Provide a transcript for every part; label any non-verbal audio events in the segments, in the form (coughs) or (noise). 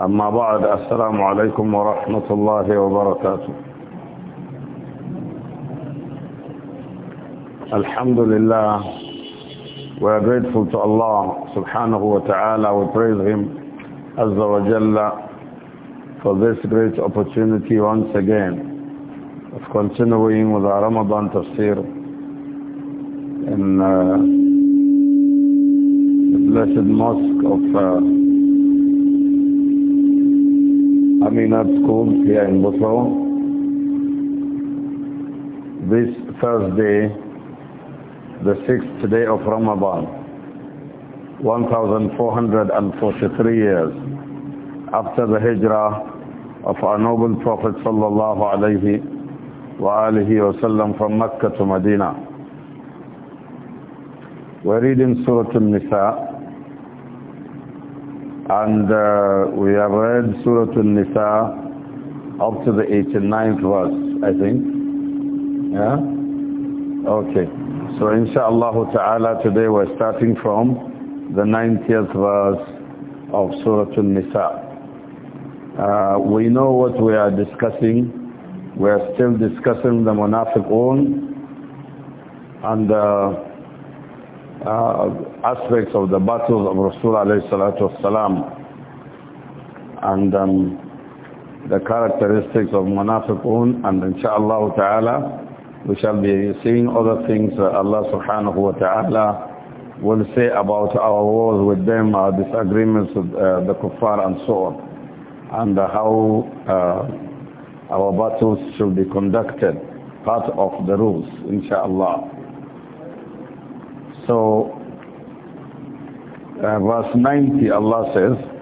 أما بعد السلام عليكم ورحمة الله وبركاته الحمد لله we are grateful to Allah subhanahu wa ta'ala we praise him Azza wa Jalla for this great opportunity once again of continuing with our Ramadan tafsir in uh, the blessed mosque of uh, Aminat school here in Buffalo. This Thursday, the sixth day of Ramadan, 1443 years after the hijrah of our noble Prophet sallallahu alaihi wasallam from Mecca to Medina. We're reading Surah Al-Nisa, and uh, we have read Surah An-Nisa up to the 89th verse, I think. Yeah? Okay. So inshallah ta'ala today we're starting from the 90th verse of Surah An-Nisa. Uh, we know what we are discussing. We are still discussing the Munafiqun and uh, uh, aspects of the battles of Rasul alayhi salatu wasalam and um, the characteristics of munafiqun and inshallah ta'ala we shall be seeing other things that Allah subhanahu wa ta'ala will say about our wars with them, our disagreements with uh, the kuffar and so on and uh, how our battles should be conducted part of the rules inshallah so, uh, verse 90 Allah says,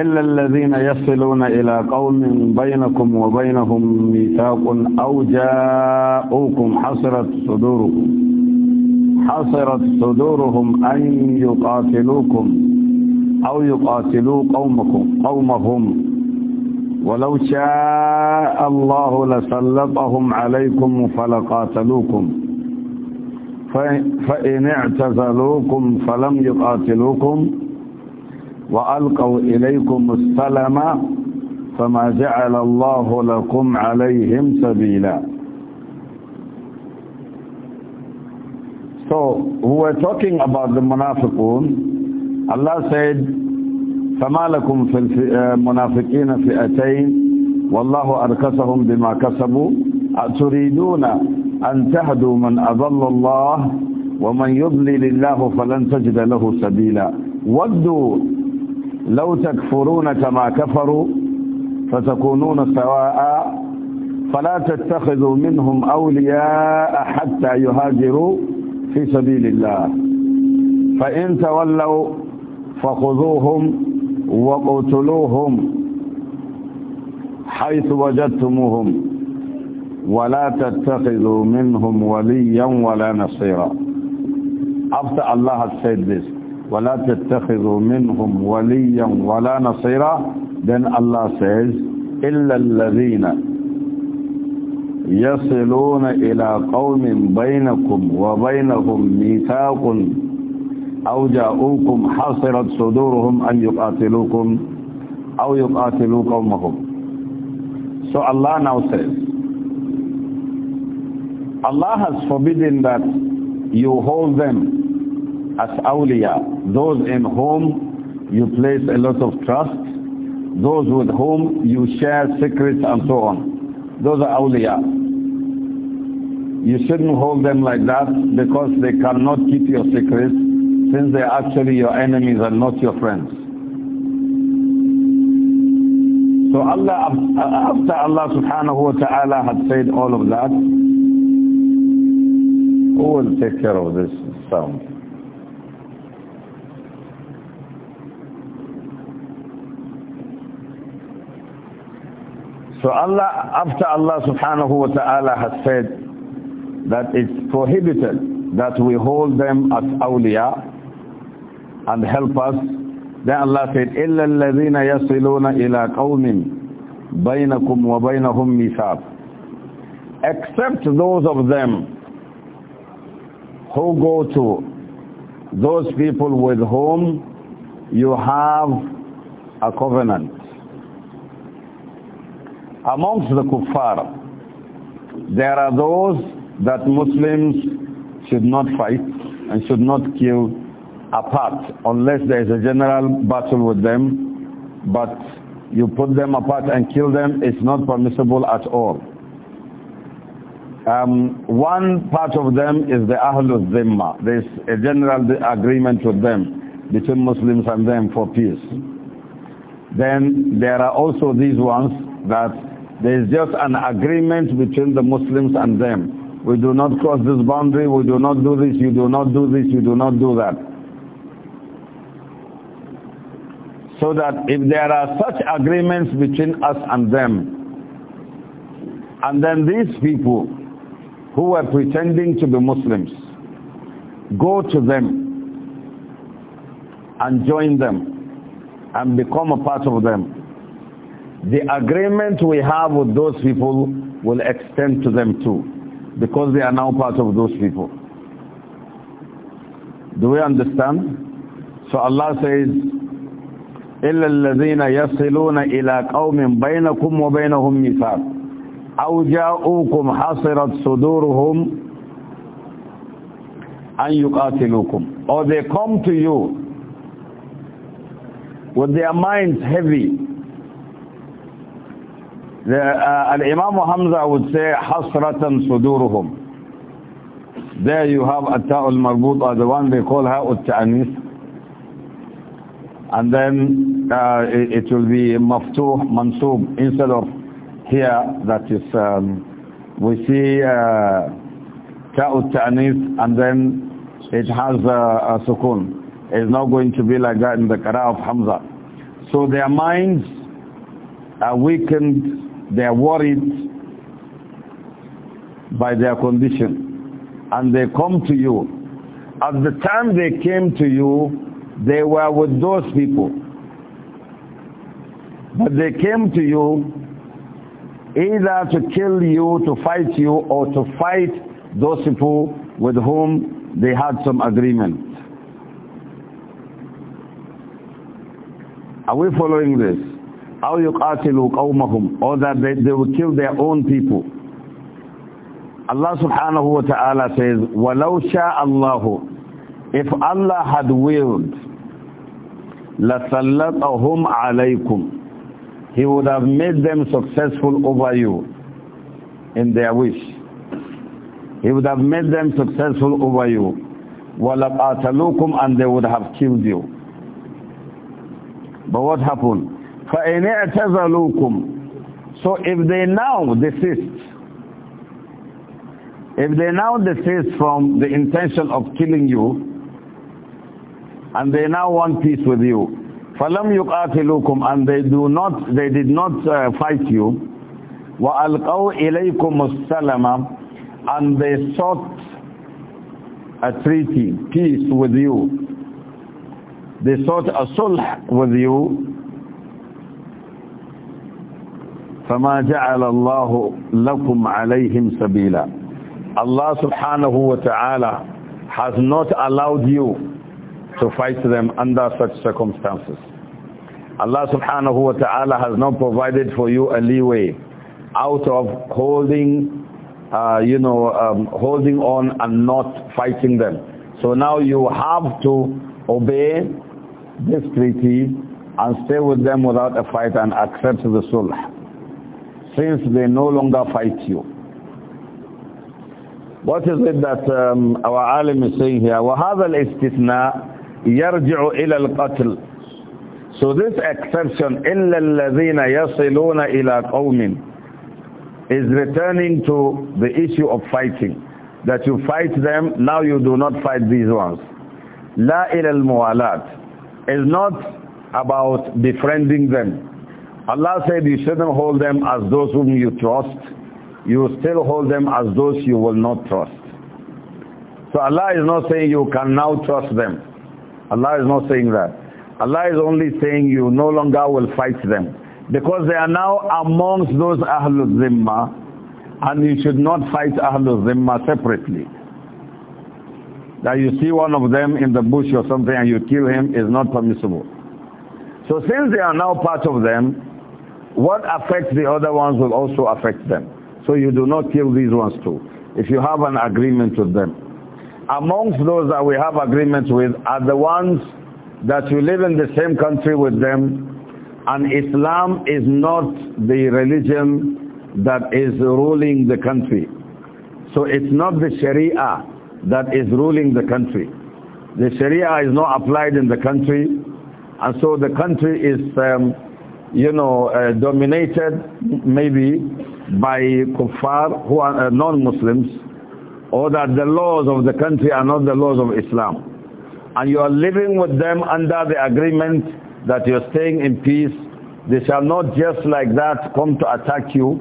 إلا الذين يصلون إلى قوم بينكم وبينهم ميثاق أو جاءوكم حصرت صدورهم حصرت صدورهم أن يقاتلوكم أو يقاتلوا قومكم قومهم ولو شاء الله لسلطهم عليكم فلقاتلوكم فإن اعتزلوكم فلم يقاتلوكم وألقوا إليكم السلام فما جعل الله لكم عليهم سبيلا So we were talking about the munafiqun. Allah said, فما لكم في المنافقين آه، فئتين والله أركسهم بما كسبوا أتريدون أن تهدوا من أضل الله ومن يضلل الله فلن تجد له سبيلا ودوا لو تكفرون كما كفروا فتكونون سواء فلا تتخذوا منهم أولياء حتى يهاجروا في سبيل الله فإن تولوا فخذوهم وقتلوهم حيث وجدتموهم ولا تتخذوا منهم وليا ولا نصيرا after Allah has said this ولا تتخذوا منهم وليا ولا نصيرا then Allah says إلا الذين يصلون إلى قوم بينكم وبينهم ميثاق أو جاءوكم حصرت صدورهم أن يقاتلوكم أو يقاتلوا قومهم so Allah now says Allah has forbidden that you hold them as awliya, those in whom you place a lot of trust, those with whom you share secrets and so on. Those are awliya. You shouldn't hold them like that because they cannot keep your secrets since they are actually your enemies and not your friends. So Allah, after Allah subhanahu wa ta'ala had said all of that, who will take care of this sound? So Allah, after Allah subhanahu wa ta'ala has said that it's prohibited that we hold them as awliya and help us, then Allah said, إِلَّا الَّذِينَ يَصِلُونَ إِلَىٰ قَوْمٍ بَيْنَكُمْ وَبَيْنَهُمْ مِثَابٍ Except those of them who go to those people with whom you have a covenant. Amongst the kuffar, there are those that Muslims should not fight and should not kill apart unless there is a general battle with them but you put them apart and kill them it's not permissible at all um, one part of them is the Ahlul Zimma. There's a general agreement with them, between Muslims and them for peace. Then there are also these ones that there's just an agreement between the Muslims and them. We do not cross this boundary, we do not do this, you do not do this, you do not do that. So that if there are such agreements between us and them, and then these people who are pretending to be Muslims, go to them and join them and become a part of them. The agreement we have with those people will extend to them too, because they are now part of those people. Do we understand? So Allah says, إِلَّا الَّذِينَ يَصِلُونَ إِلَىٰ قَوْمٍ بَيْنَكُمْ وَبَيْنَهُمْ مِثَاقٍ أو جاءوكم حصرت صدورهم أن يقاتلوكم or they come to you with their minds heavy the, uh, الإمام حمزة would say حصرة صدورهم there you have التاء المربوطة the one they call هاء التأنيث and then uh, it, it will be مفتوح منصوب instead of here that is um, we see uh, ta'u uh, and then it has a, a sukun. It's not going to be like that in the qara of Hamza. So their minds are weakened, they are worried by their condition. And they come to you. At the time they came to you, they were with those people. But they came to you either to kill you, to fight you, or to fight those people with whom they had some agreement. Are we following this? أو يقاتلوا قومهم or that they, they will kill their own people. Allah subhanahu wa ta'ala says, وَلَوْ شَاءَ اللَّهُ If Allah had willed, لَسَلَّطَهُمْ عَلَيْكُمْ he would have made them successful over you in their wish. He would have made them successful over you. وَلَبْعَتَلُوكُمْ And they would have killed you. But what happened? فَإِنْ So if they now desist, if they now desist from the intention of killing you, and they now want peace with you, فَلَمْ يُقَاتِلُوكُمْ And they do not, they did not uh, fight you. وَأَلْقَوْا إِلَيْكُمُ السَّلَمَ And they sought a treaty, peace with you. They sought a sulh with you. فَمَا جَعَلَ اللَّهُ لَكُمْ عَلَيْهِمْ سَبِيلًا Allah subhanahu wa ta'ala has not allowed you to fight them under such circumstances. Allah subhanahu wa ta'ala has not provided for you a leeway out of holding, uh, you know, um, holding on and not fighting them. So now you have to obey this treaty and stay with them without a fight and accept the sulh since they no longer fight you. What is it that um, our alim is saying here? وَهَذَا الْإِسْتِثْنَاء يَرْجِعُ إِلَى الْقَتْلِ so this exception, إِلَّا الَّذِينَ يَصِلُونَ إِلَىٰ قَوْمٍ is returning to the issue of fighting. That you fight them, now you do not fight these ones. La ilal muwalat is not about befriending them. Allah said you shouldn't hold them as those whom you trust. You still hold them as those you will not trust. So Allah is not saying you can now trust them. Allah is not saying that. Allah is only saying you no longer will fight them. Because they are now amongst those Ahlul Zimma and you should not fight Ahlul Zimma separately. That you see one of them in the bush or something and you kill him is not permissible. So since they are now part of them, what affects the other ones will also affect them. So you do not kill these ones too, if you have an agreement with them. Amongst those that we have agreements with are the ones that you live in the same country with them and Islam is not the religion that is ruling the country. So it's not the Sharia that is ruling the country. The Sharia is not applied in the country and so the country is, um, you know, uh, dominated maybe by kuffar who are uh, non-Muslims or that the laws of the country are not the laws of Islam and you are living with them under the agreement that you're staying in peace, they shall not just like that come to attack you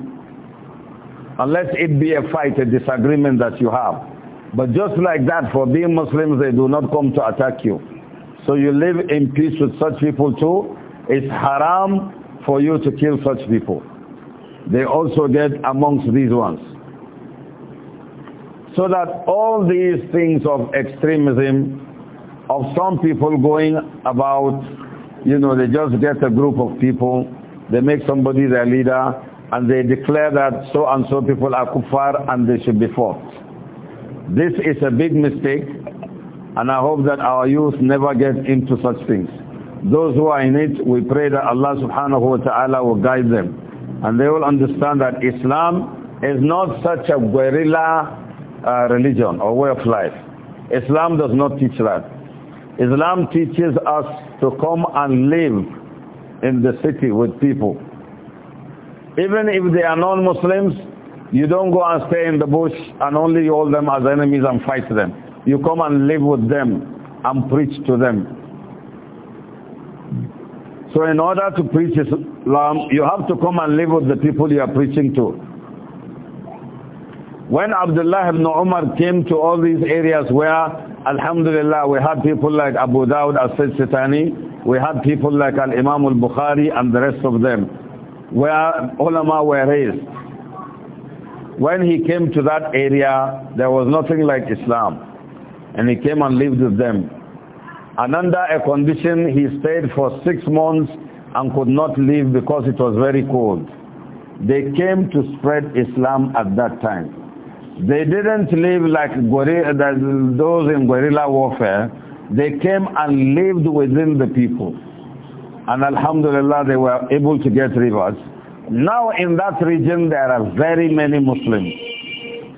unless it be a fight, a disagreement that you have. But just like that, for being Muslims, they do not come to attack you. So you live in peace with such people too. It's haram for you to kill such people. They also get amongst these ones. So that all these things of extremism of some people going about, you know, they just get a group of people, they make somebody their leader, and they declare that so and so people are kuffar and they should be fought. This is a big mistake, and I hope that our youth never get into such things. Those who are in it, we pray that Allah subhanahu wa ta'ala will guide them. And they will understand that Islam is not such a guerrilla uh, religion or way of life. Islam does not teach that. Islam teaches us to come and live in the city with people. Even if they are non-Muslims, you don't go and stay in the bush and only hold them as enemies and fight them. You come and live with them and preach to them. So in order to preach Islam, you have to come and live with the people you are preaching to. When Abdullah ibn Umar came to all these areas where Alhamdulillah, we had people like Abu Dawud al-Sitani, we had people like Al-Imam al-Bukhari and the rest of them, where ulama were raised. When he came to that area, there was nothing like Islam. And he came and lived with them. And under a condition, he stayed for six months and could not leave because it was very cold. They came to spread Islam at that time. They didn't live like gorilla, those in guerrilla warfare. They came and lived within the people. And alhamdulillah, they were able to get rivers. Now in that region, there are very many Muslims.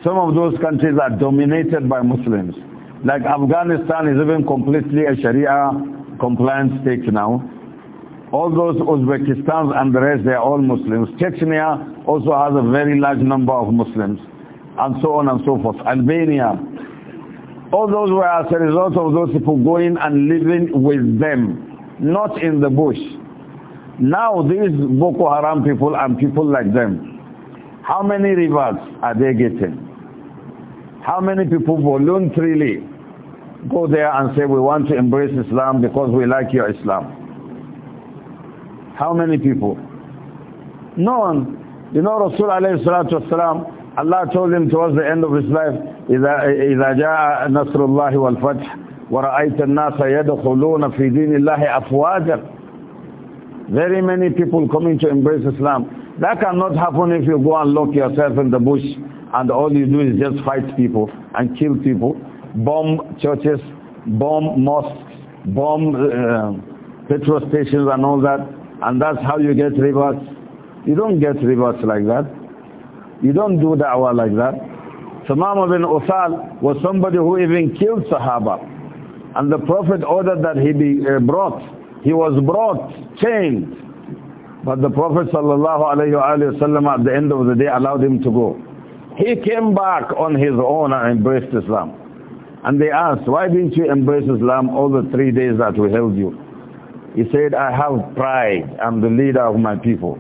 Some of those countries are dominated by Muslims. Like Afghanistan is even completely a Sharia compliant state now. All those Uzbekistans and the rest, they are all Muslims. Chechnya also has a very large number of Muslims and so on and so forth. Albania. All those were as a result of those people going and living with them, not in the bush. Now these Boko Haram people and people like them, how many rewards are they getting? How many people voluntarily go there and say, we want to embrace Islam because we like your Islam? How many people? None. You know Rasul alayhi salatu Allah told him towards the end of his life, إِذَا جَاءَ نَصْرُ اللَّهِ وَالْفَتْحِ وَرَأَيْتَ النَّاسَ يَدْخُلُونَ فِي دِينِ اللَّهِ أَفْوَاجًا Very many people coming to embrace Islam. That cannot happen if you go and lock yourself in the bush and all you do is just fight people and kill people, bomb churches, bomb mosques, bomb uh, petrol stations and all that. And that's how you get rivers. You don't get rivers like that. You don't do da'wah like that. Sumama bin Usal was somebody who even killed Sahaba. And the Prophet ordered that he be uh, brought. He was brought, chained. But the Prophet sallallahu at the end of the day allowed him to go. He came back on his own and embraced Islam. And they asked, why didn't you embrace Islam all the three days that we held you? He said, I have pride. I'm the leader of my people.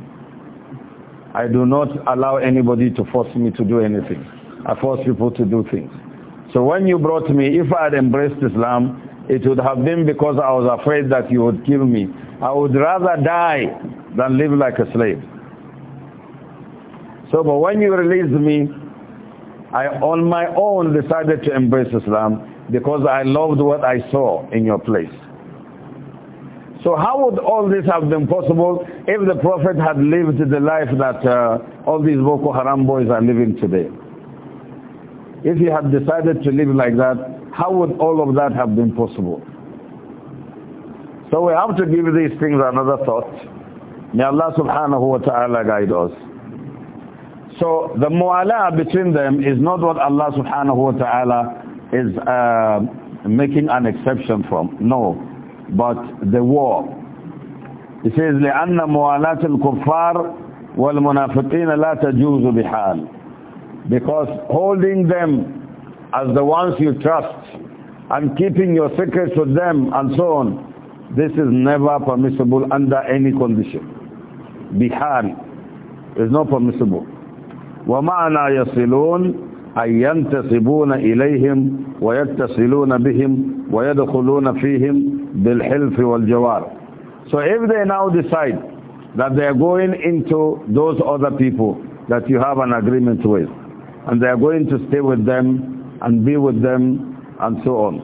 I do not allow anybody to force me to do anything. I force people to do things. So when you brought me, if I had embraced Islam, it would have been because I was afraid that you would kill me. I would rather die than live like a slave. So, but when you released me, I on my own decided to embrace Islam because I loved what I saw in your place. So how would all this have been possible if the Prophet had lived the life that uh, all these Boko Haram boys are living today? If he had decided to live like that, how would all of that have been possible? So we have to give these things another thought. May Allah subhanahu wa ta'ala guide us. So the mu'ala between them is not what Allah subhanahu wa ta'ala is uh, making an exception from. No but the war. He says, لأن موالات الكفار والمنافقين لا تجوز بحال. Because holding them as the ones you trust and keeping your secrets with them and so on, this is never permissible under any condition. بحال is not permissible. وَمَعْنَا يَصِلُونَ ينتسبون إليهم ويتصلون بهم ويدخلون فيهم بالحلف والجوار. So if they now decide that they are going into those other people that you have an agreement with and they are going to stay with them and be with them and so on.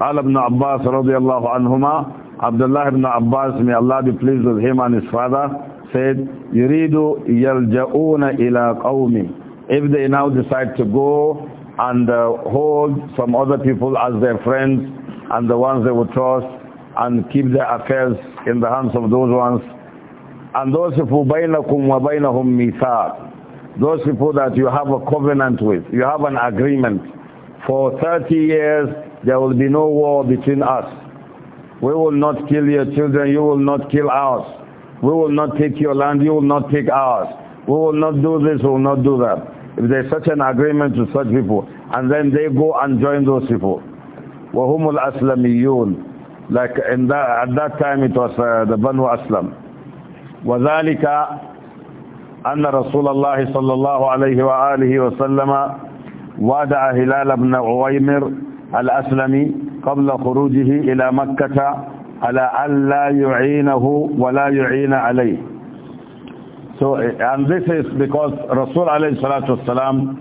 قال ابن عباس رضي الله عنهما عبد الله بن عباس may Allah be pleased with him and his father said يريد يلجؤون إلى قومه if they now decide to go and uh, hold some other people as their friends and the ones they would trust and keep their affairs in the hands of those ones. And those people, Those people that you have a covenant with, you have an agreement. For 30 years, there will be no war between us. We will not kill your children, you will not kill ours. We will not take your land, you will not take ours. We will not do this, we will not do that. If there is such an agreement with such people, and then they go and join those people. wahumul الْأَسْلَمِيُّونَ Like in that, at that time it was uh, the Banu Aslam. وَذَلِكَ أَنَّ رَسُولَ اللَّهِ صَلَّى اللَّهُ عَلَيْهِ وَآلِهِ وَسَلَّمَ وَادَعَ هِلَالَ بْنَ عُوَيْمِرَ الأسلمي قبل خروجه إلى مكة على أن لا يعينه ولا يعين عليه so, eh, and this is because Rasul alayhi salatu wasalam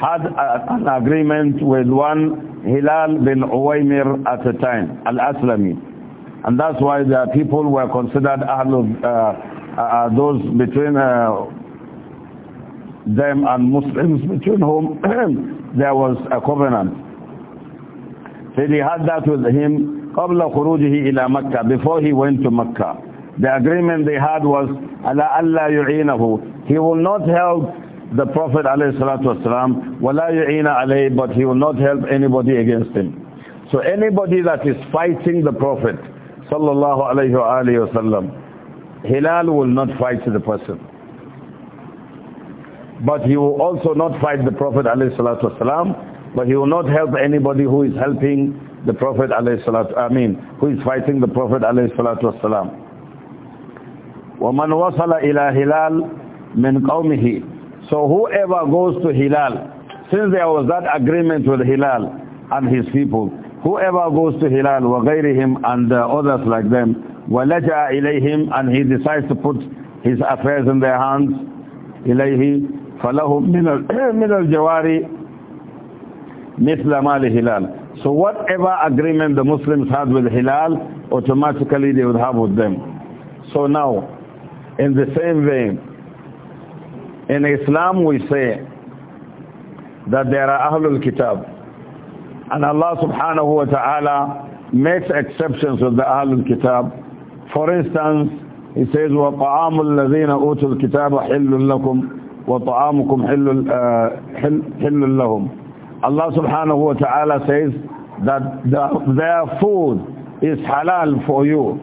had a, an agreement with one Hilal bin Uwaymir at the time, Al-Aslami. And that's why the people were considered Ahlul, uh, uh, those between uh, them and Muslims between whom (clears throat) there was a covenant. So he had that with him قبل خروجه إلى مكة before he went to Mecca. The agreement they had was, Allah He will not help the Prophet والسلام, But he will not help anybody against him. So anybody that is fighting the Prophet sallallahu alayhi wa alayhi wasallam, Hilal will not fight the person. But he will also not fight the Prophet alayhi but he will not help anybody who is helping the Prophet alayhi salatu, I mean, who is fighting the Prophet alayhi salatu wasalam. وَمَنْ وَصَلَ إِلَى هِلَالٍ مِنْ قَوْمِهِ So whoever goes to Hilal, since there was that agreement with Hilal and his people, whoever goes to Hilal, وَغَيْرِهِمْ and uh, others like them, وَلَجَأَ إِلَيْهِمْ and he decides to put his affairs in their hands, إِلَيْهِ فَلَهُ (clears throat) مِنَ الْجَوَارِ مثل مال Hilal. So whatever agreement the Muslims had with Hilal, automatically they would have with them. So now, in the same vein, in Islam we say that there are Ahlul Kitab. And Allah subhanahu wa ta'ala makes exceptions of the Ahlul Kitab. For instance, He says, wa ta'amul أُوتُوا الْكِتَابَ حِلٌّ لَكُمْ وَطَعَامُكُمْ حِلٌّ, uh, حل لَهُمْ Allah subhanahu wa ta'ala says that the, their food is halal for you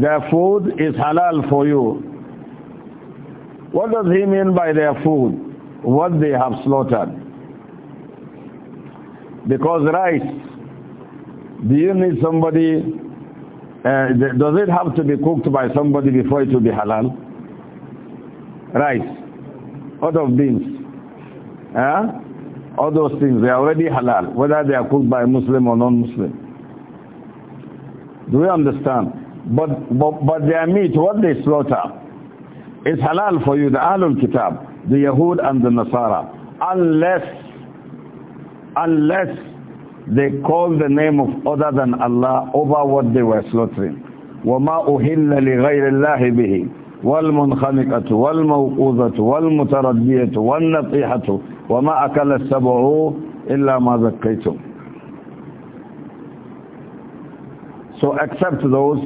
their food is halal for you. What does he mean by their food? What they have slaughtered. Because rice, do you need somebody, uh, does it have to be cooked by somebody before it will be halal? Rice, out of beans, huh? all those things, they are already halal, whether they are cooked by Muslim or non-Muslim. Do we understand? But, but, but their meat, what they slaughter, is halal for you, the Ahlul Kitab, the Yahud and the Nasara. Unless, unless they call the name of other than Allah over what they were slaughtering. وَمَا أُهِلَّ لِغَيْرِ اللَّهِ بِهِ وَالْمُنْخَنِقَةُ وَالْمَوْقُوذَةُ وَالْمُتَرَدِّيَةُ وَالنَّطِيحَةُ وَمَا أَكَلَ السَّبْعُ إِلَّا مَا ذَكَّيْتُمْ So accept those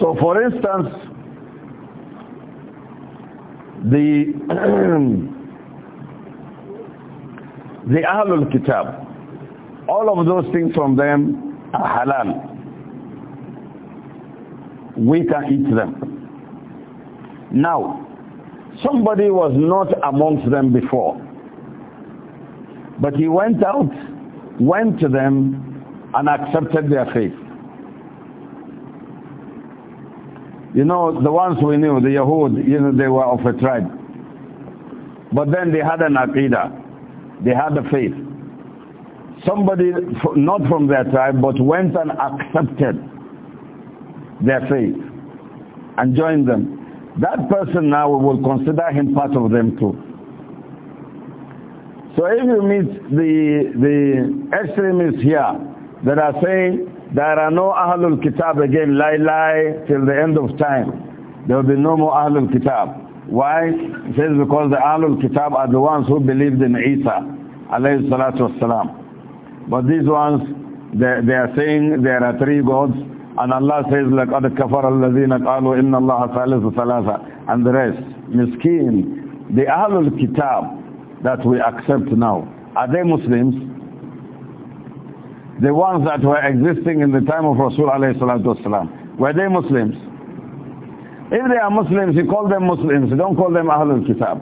So for instance, the (clears throat) the Ahlul Kitab, all of those things from them are halal. We can eat them. Now, somebody was not amongst them before. But he went out, went to them, and accepted their faith. You know, the ones we knew, the Yahud, you know, they were of a tribe. But then they had an aqidah. They had a faith. Somebody, not from their tribe, but went and accepted their faith and joined them. That person now we will consider him part of them too. So if you meet the, the extremists here that are saying there are no Ahlul Kitab again, lie lie, till the end of time. There will be no more Ahlul Kitab. Why? It says because the Ahlul Kitab are the ones who believed in Isa, alayhi salatu wasalam. But these ones, they, they are saying there are three gods, and Allah says, لَقَدْ كَفَرَ الَّذِينَ قَالُوا إِنَّ اللَّهَ ثَالِثُ ثَلَاثَ And the rest. Miskin. The Ahlul Kitab that we accept now, are they Muslims? the ones that were existing in the time of Rasul والسلام, were they Muslims? If they are Muslims, you call them Muslims, you don't call them Ahlul Kitab.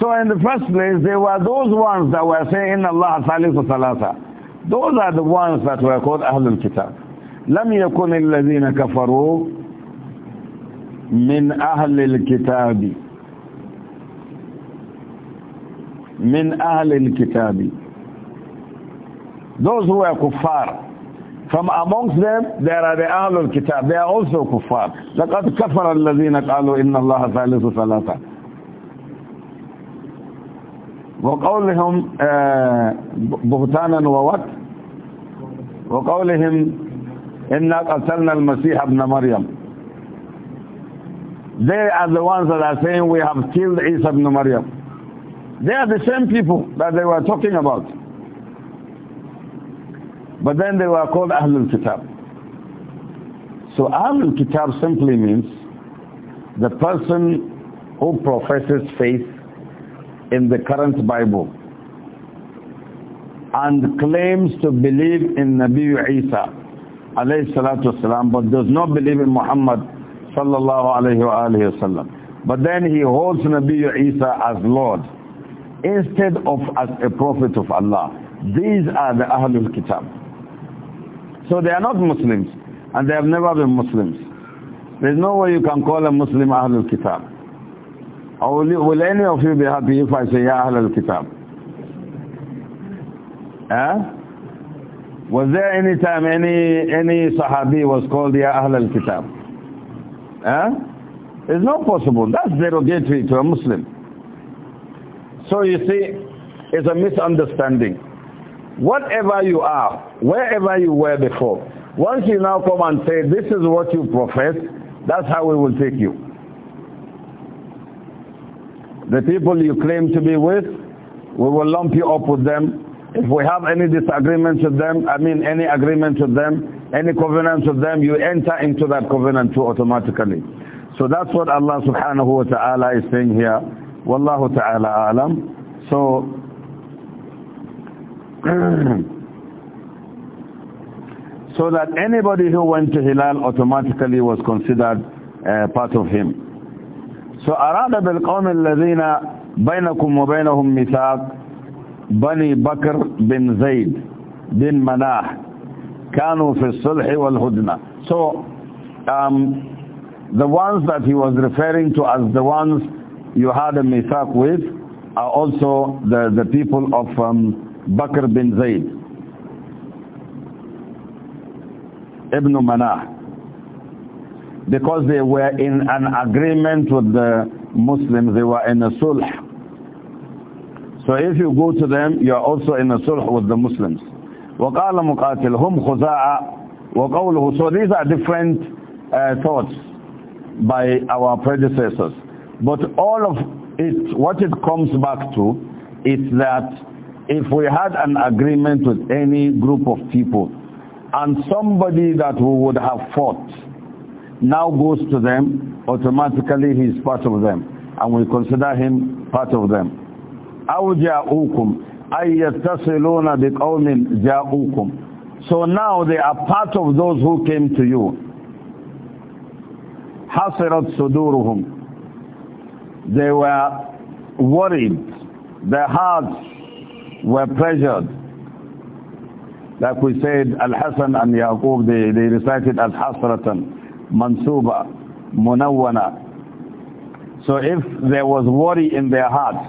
So in the first place, they were those ones that were saying, Allah Salisu Salasa. Those are the ones that were called Ahlul Kitab. لم يكن الذين كفروا من أهل الكتاب من أهل الكتاب those who were kuffar. From amongst them, there are the Ahlul Kitab. They are also kuffar. لَقَدْ كَفَرَ الَّذِينَ قَالُوا إِنَّ اللَّهَ ثَالِثُ ثَلَاثًا وقولهم بهتانا ووت وقولهم إِنَّا قَتَلْنَا الْمَسِيحَ ابْنَ مَرْيَمْ They are the ones that are saying we have killed Isa ibn Maryam. They are the same people that they were talking about. But then they were called Ahlul Kitab. So Ahlul Kitab simply means the person who professes faith in the current Bible and claims to believe in Nabi Isa alayhi salatu wasalam, but does not believe in Muhammad sallallahu alayhi wa alayhi But then he holds Nabi Isa as Lord instead of as a prophet of Allah. These are the Ahlul Kitab. So they are not Muslims and they have never been Muslims. There's no way you can call a Muslim Ahlul Kitab. Or will, you, will any of you be happy if I say Ya Ahlul Kitab? Eh? Was there any time any any Sahabi was called Ya Ahlul Kitab? Eh? It's not possible. That's derogatory to a Muslim. So you see, it's a misunderstanding. Whatever you are, wherever you were before, once you now come and say, this is what you profess, that's how we will take you. The people you claim to be with, we will lump you up with them. If we have any disagreements with them, I mean any agreement with them, any covenant with them, you enter into that covenant too automatically. So that's what Allah subhanahu wa ta'ala is saying here. Wallahu ta'ala alam. So (clears throat) so that anybody who went to Hilal automatically was considered uh, part of him. So أراد بالقوم الذين بينكم وبينهم ميثاق بني بكر بن زيد بن مناح كانوا في الصلح والهدنة. So um, the ones that he was referring to as the ones you had a mithaq with are also the, the people of um, Bakr bin Zayd, Ibn Manah, because they were in an agreement with the Muslims, they were in a sulh. So if you go to them, you are also in a sulh with the Muslims. وَقَالَ مُقَاتِلْ هُمْ وَقَوْلُهُ So these are different uh, thoughts by our predecessors. But all of it, what it comes back to is that if we had an agreement with any group of people and somebody that we would have fought now goes to them, automatically he is part of them and we consider him part of them. أَوْ جَاءُوكُمْ أَيْ يَتَّصِلُونَ بِقَوْمٍ جَاءُوكُمْ So now they are part of those who came to you. Hasirat suduruhum. They were worried, their hearts were pressured. Like we said, Al-Hasan and Yaqub, they, they recited as Hasratan, Mansuba, Munawwana. So if there was worry in their hearts,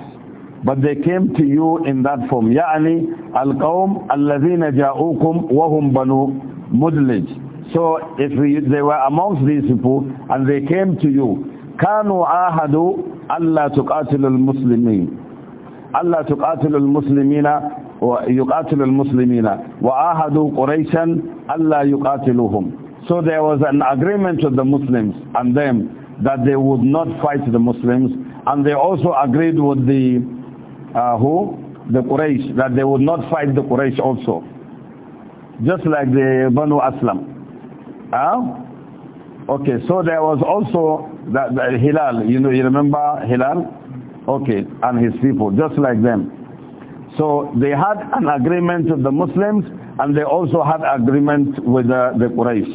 but they came to you in that form. يعني القوم الذين جاءوكم وهم بنو مدلج. So if we, they were amongst these people and they came to you, كانوا عاهدوا ألا تقاتلوا المسلمين. ألا تقاتل المسلمين ويقاتل المسلمين Allah قريشا ألا يقاتلوهم So there was an agreement with the Muslims and them that they would not fight the Muslims and they also agreed with the uh, who? The Quraysh that they would not fight the Quraysh also. Just like the Banu Aslam. Huh? Okay, so there was also that, that Hilal, you know, you remember Hilal? Okay, and his people, just like them. So they had an agreement with the Muslims and they also had agreement with the, the Quraysh.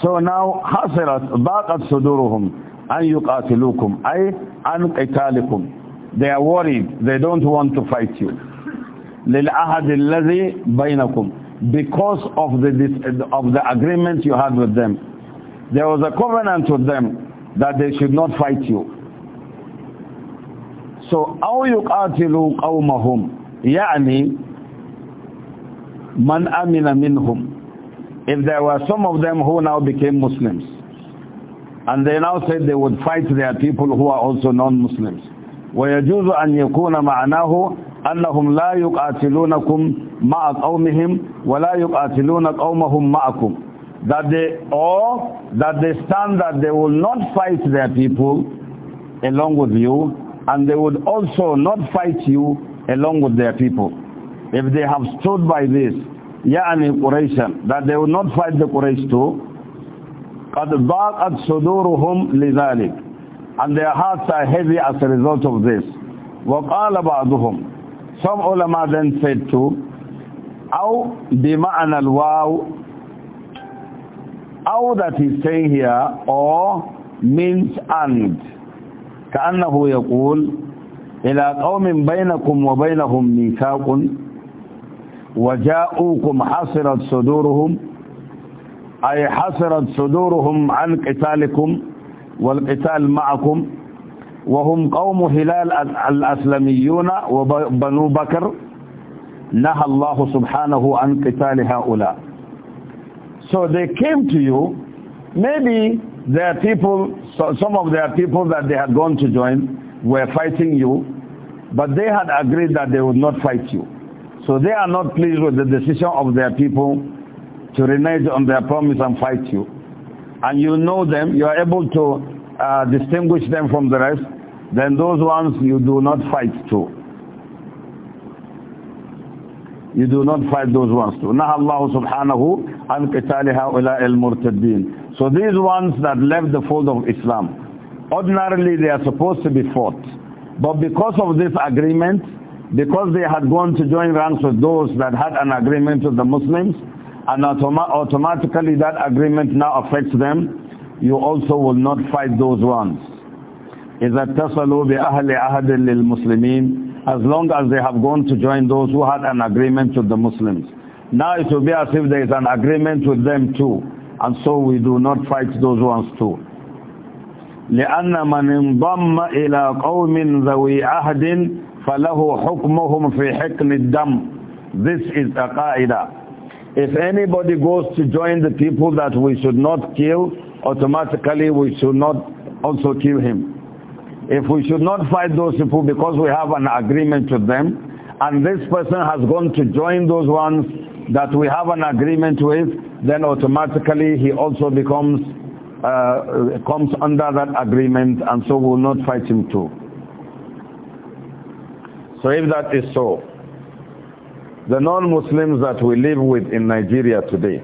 So now صدورهم أن يقاتلوكم أي قتالكم They are worried. They don't want to fight you. الذي بينكم because of the, of the agreement you had with them. There was a covenant with them that they should not fight you. So, أو يقاتلوا قومهم يعني من أمن منهم If there were some of them who now became Muslims and they now said they would fight their people who are also non-Muslims ويجوز أن يكون معناه أنهم لا يقاتلونكم مع قومهم ولا يقاتلون قومهم معكم that they or that they stand that they will not fight their people along with you and they would also not fight you along with their people if they have stood by this an قريشا that they will not fight the Quraysh too قد ضاقت صدورهم لذلك and their hearts are heavy as a result of this وقال بعضهم Some ulama then said to أو بمعنى الواو أو that he's saying here or means and كأنه يقول إلى قوم بينكم وبينهم ميثاق وجاءوكم حصرت صدورهم أي حصرت صدورهم عن قتالكم والقتال معكم وهم قوم هلال الأسلميون وبنو بكر نهى الله سبحانه عن قتال هؤلاء so they came to you maybe their people so some of their people that they had gone to join were fighting you but they had agreed that they would not fight you so they are not pleased with the decision of their people to renege on their promise and fight you and you know them you are able to uh, distinguish them from the rest then those ones you do not fight to. You do not fight those ones to. نَهَى اللَّهُ سُبْحَانَهُ عَنْ قِتَالِ هَؤُلَاءِ الْمُرْتَدِّينَ So these ones that left the fold of Islam, ordinarily they are supposed to be fought. But because of this agreement, because they had gone to join ranks with those that had an agreement with the Muslims, and automatically that agreement now affects them, you also will not fight those ones. إذا اتصلوا بأهل عهد للمسلمين as long as they have gone to join those who had an agreement with the Muslims. Now it will be as if there is an agreement with them too. And so we do not fight those ones too. لأن من انضم إلى قوم ذوي عهد فله حكمهم في حقن الدم. This is a qaida. If anybody goes to join the people that we should not kill, automatically we should not also kill him. If we should not fight those people because we have an agreement with them, and this person has gone to join those ones that we have an agreement with, then automatically he also becomes uh, comes under that agreement and so we will not fight him too. So if that is so, the non-Muslims that we live with in Nigeria today,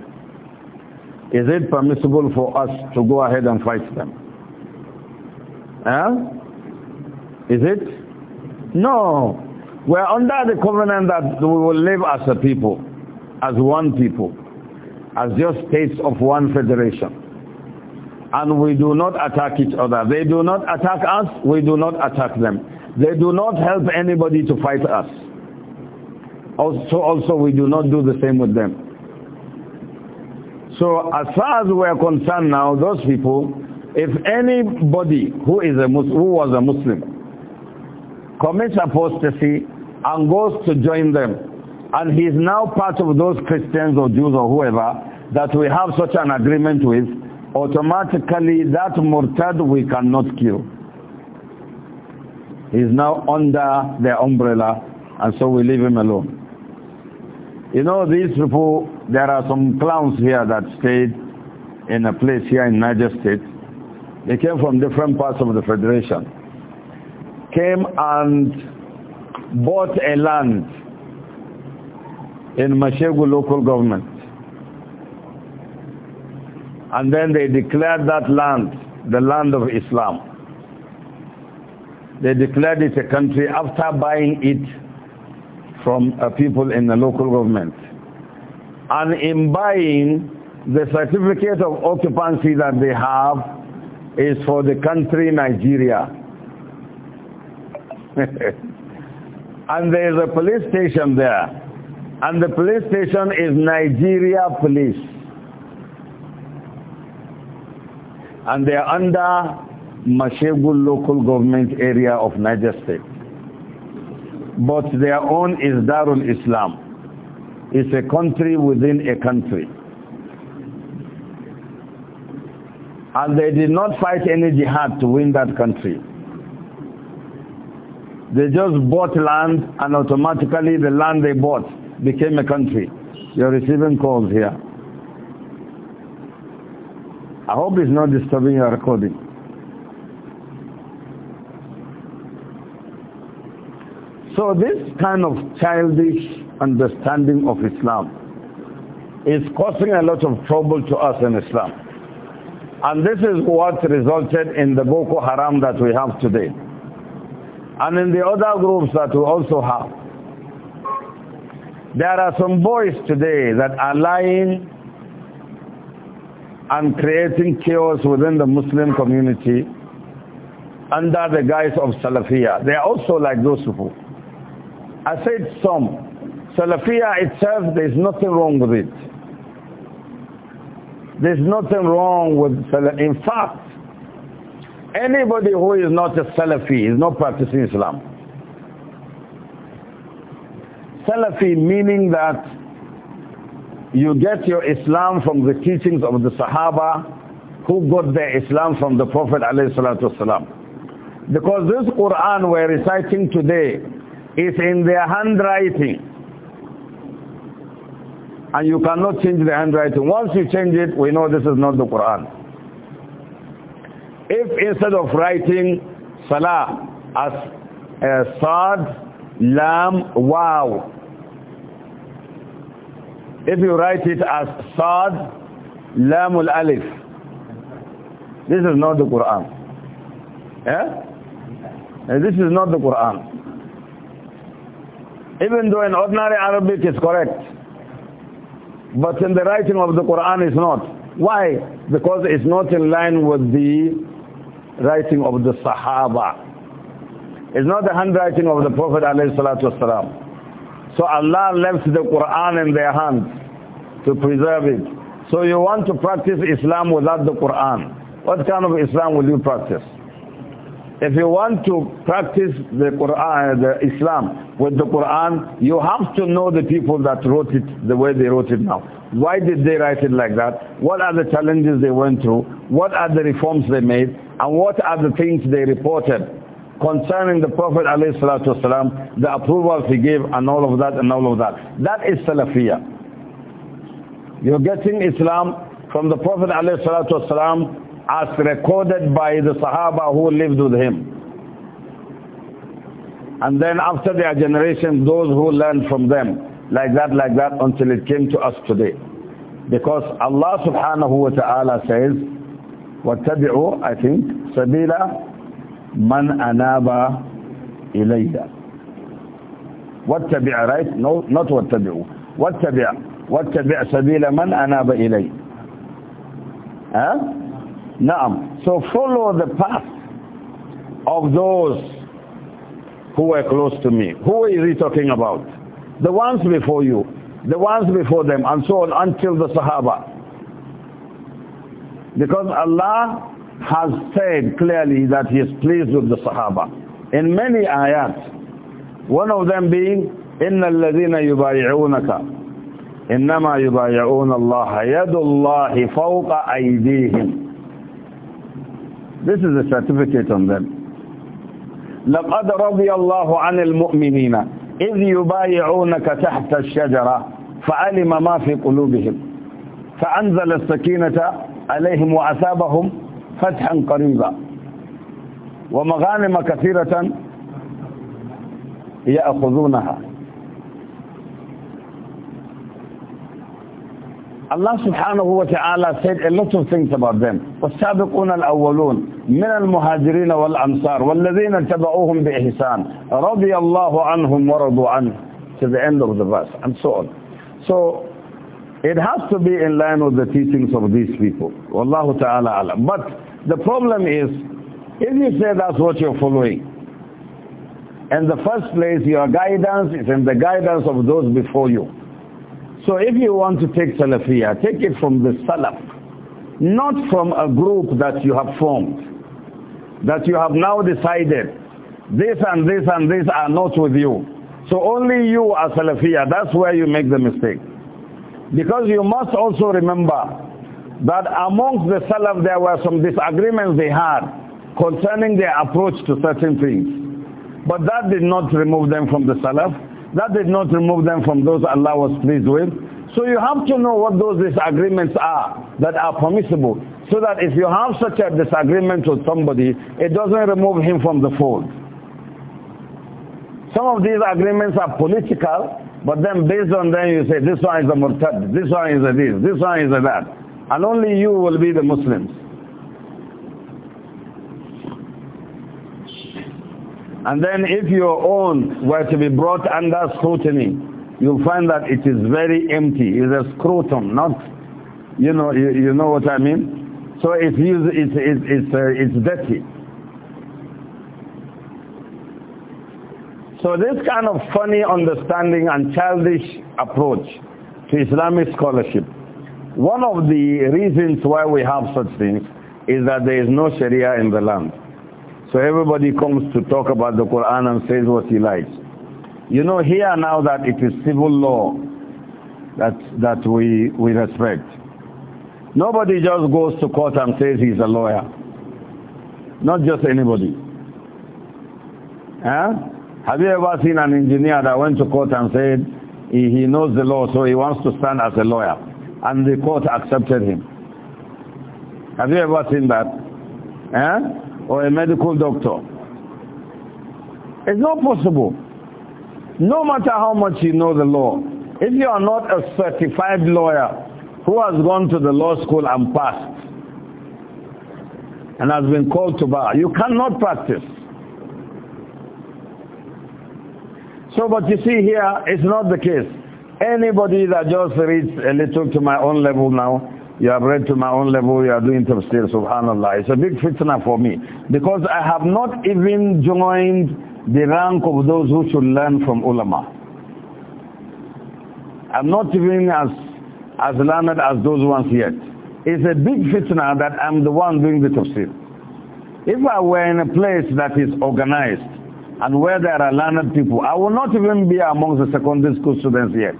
is it permissible for us to go ahead and fight them? Eh? Is it? No. We're under the covenant that we will live as a people, as one people, as just states of one federation. And we do not attack each other. They do not attack us, we do not attack them. They do not help anybody to fight us. Also, also we do not do the same with them. So as far as we are concerned now, those people, if anybody who is a Muslim, who was a Muslim, commits apostasy and goes to join them. And he is now part of those Christians or Jews or whoever that we have such an agreement with, automatically that murtad we cannot kill. He is now under their umbrella and so we leave him alone. You know, these people, there are some clowns here that stayed in a place here in Niger State. They came from different parts of the Federation came and bought a land in Mashegu local government. And then they declared that land the land of Islam. They declared it a country after buying it from a people in the local government. And in buying, the certificate of occupancy that they have is for the country Nigeria. (laughs) and there is a police station there. And the police station is Nigeria Police. And they are under Mashegu local government area of Niger State. But their own is Darul Islam. It's a country within a country. And they did not fight any jihad to win that country. They just bought land and automatically the land they bought became a country. You're receiving calls here. I hope it's not disturbing your recording. So this kind of childish understanding of Islam is causing a lot of trouble to us in Islam. And this is what resulted in the Boko Haram that we have today and in the other groups that we also have. There are some boys today that are lying and creating chaos within the Muslim community under the guise of Salafia. They are also like those people. I said some. Salafia itself, there is nothing wrong with it. There's nothing wrong with Salafia. In fact, Anybody who is not a Salafi is not practicing Islam. Salafi meaning that you get your Islam from the teachings of the Sahaba who got their Islam from the Prophet ﷺ. Because this Quran we're reciting today is in their handwriting. And you cannot change the handwriting. Once you change it, we know this is not the Quran. If instead of writing Salah as uh, Sad, Lam, Wow, if you write it as Sad, Lam, Al Alif, this is not the Quran. Eh? eh? This is not the Quran. Even though in ordinary Arabic it's correct, but in the writing of the Quran it's not. Why? Because it's not in line with the Writing of the Sahaba. It's not the handwriting of the Prophet ﷺ. So Allah left the Quran in their hands to preserve it. So you want to practice Islam without the Quran. What kind of Islam will you practice? If you want to practice the Quran, the Islam with the Quran, you have to know the people that wrote it the way they wrote it now. Why did they write it like that? What are the challenges they went through? What are the reforms they made? And what are the things they reported concerning the Prophet والسلام, the approvals he gave and all of that and all of that. That is Salafiyah. You're getting Islam from the Prophet والسلام, as recorded by the Sahaba who lived with him. And then after their generation, those who learned from them, like that, like that, until it came to us today. Because Allah subhanahu wa ta'ala says, وَاتَّبِعُوا I think سَبِيلَ مَنْ أَنَابَ إِلَيَّ وَاتَّبِعَ right? No, not وَاتَّبِعُوا وَاتَّبِعَ وَاتَّبِعَ سَبِيلَ مَنْ أَنَابَ إِلَيَّ Huh? نعم So follow the path of those who were close to me. Who is he talking about? The ones before you, the ones before them, and so on until the Sahaba. Because Allah has said clearly that he is pleased with the Sahaba. In many ayat, one of them being, إِنَّ الَّذِينَ يُبَايِعُونَكَ إِنَّمَا يُبَايِعُونَ اللَّهَ يَدُ اللَّهِ فَوْقَ أَيْدِيهِمْ This is a certificate on them. لقد رضي الله عن المؤمنين إذ يبايعونك تحت الشجرة فعلم ما في قلوبهم فأنزل السكينة عليهم وعثابهم فتحا قريبا ومغانم كثيرة يأخذونها الله سبحانه وتعالى ta'ala said a lot of things about them. والسابقون الأولون من المهاجرين والأنصار والذين اتبعوهم بإحسان رضي الله عنهم ورضوا عنه to the end of the verse and so on. So It has to be in line with the teachings of these people. Wallahu ta'ala alam. But the problem is, if you say that's what you're following, in the first place, your guidance is in the guidance of those before you. So if you want to take Salafiyah, take it from the Salaf, not from a group that you have formed, that you have now decided, this and this and this are not with you. So only you are Salafiyah. That's where you make the mistake. Because you must also remember that amongst the Salaf there were some disagreements they had concerning their approach to certain things. But that did not remove them from the Salaf. That did not remove them from those Allah was pleased with. So you have to know what those disagreements are that are permissible. So that if you have such a disagreement with somebody, it doesn't remove him from the fold. Some of these agreements are political, but then based on them you say, this one is a murtad, this one is a this, this one is a that. And only you will be the Muslims. And then if your own were to be brought under scrutiny, you'll find that it is very empty. It's a scrotum, not, you know, you, you know what I mean? So it's, it's, it's, it's, uh, it's dirty. So this kind of funny understanding and childish approach to Islamic scholarship, one of the reasons why we have such things is that there is no Sharia in the land. So everybody comes to talk about the Quran and says what he likes. You know, here now that it is civil law that, that we, we respect. Nobody just goes to court and says he's a lawyer. Not just anybody. Huh? Have you ever seen an engineer that went to court and said he, he knows the law, so he wants to stand as a lawyer, and the court accepted him? Have you ever seen that? Eh? Or a medical doctor? It's not possible. No matter how much you know the law, if you are not a certified lawyer who has gone to the law school and passed and has been called to bar, you cannot practice. So, but you see here, it's not the case. Anybody that just reads a little to my own level now, you have read to my own level, you are doing tafsir, subhanAllah. It's a big fitna for me. Because I have not even joined the rank of those who should learn from ulama. I'm not even as, as learned as those ones yet. It's a big fitna that I'm the one doing the tafsir. If I were in a place that is organized, and where there are learned people. I will not even be among the secondary school students yet.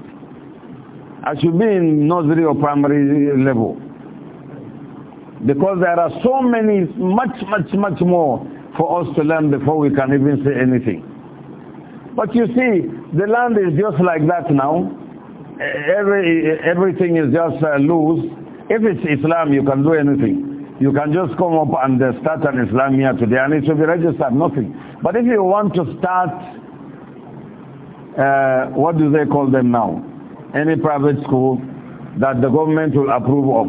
I should be in nursery or primary level. Because there are so many, much, much, much more for us to learn before we can even say anything. But you see, the land is just like that now. Every, everything is just uh, loose. If it's Islam, you can do anything. You can just come up and uh, start an Islamia today and it will be registered, nothing. But if you want to start, uh, what do they call them now? Any private school that the government will approve of,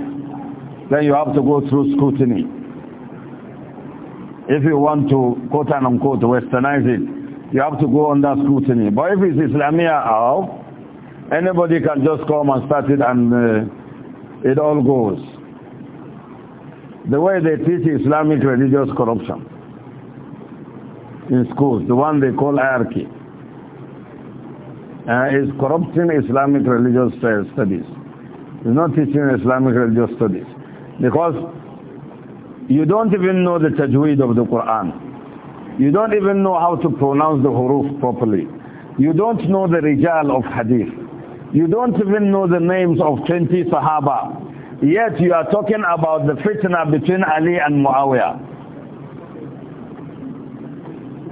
then you have to go through scrutiny. If you want to, quote and unquote, westernize it, you have to go under scrutiny. But if it's Islamia out, anybody can just come and start it and uh, it all goes. The way they teach Islamic religious corruption in schools, the one they call hierarchy, uh, is corrupting Islamic religious uh, studies. It's not teaching Islamic religious studies. Because you don't even know the tajweed of the Quran. You don't even know how to pronounce the huruf properly. You don't know the rijal of hadith. You don't even know the names of 20 sahaba Yet you are talking about the fitna between Ali and Muawiyah.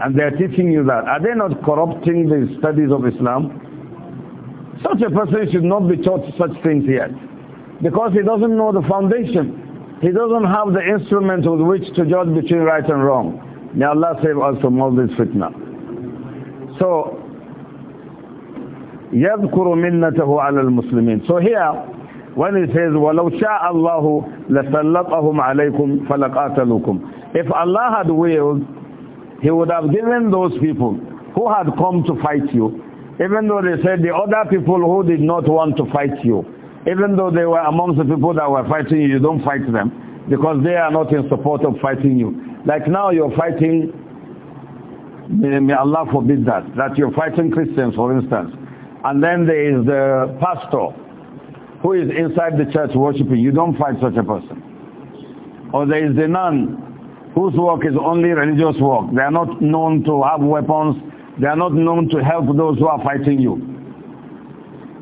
And they are teaching you that. Are they not corrupting the studies of Islam? Such a person should not be taught such things yet. Because he doesn't know the foundation. He doesn't have the instrument with which to judge between right and wrong. May Allah save us from all this fitna. So, يذكر منته على المسلمين. So here, when he says, وَلَوْ شَاءَ Allahu لَسَلَّطَهُمْ عَلَيْكُمْ فَلَقَاتَلُوكُمْ If Allah had willed, he would have given those people who had come to fight you, even though they said the other people who did not want to fight you, even though they were amongst the people that were fighting you, you don't fight them because they are not in support of fighting you. Like now you're fighting, may, Allah forbid that, that you're fighting Christians for instance. And then there is the pastor who is inside the church worshipping, you don't find such a person. Or there is the nun whose work is only religious work. They are not known to have weapons. They are not known to help those who are fighting you.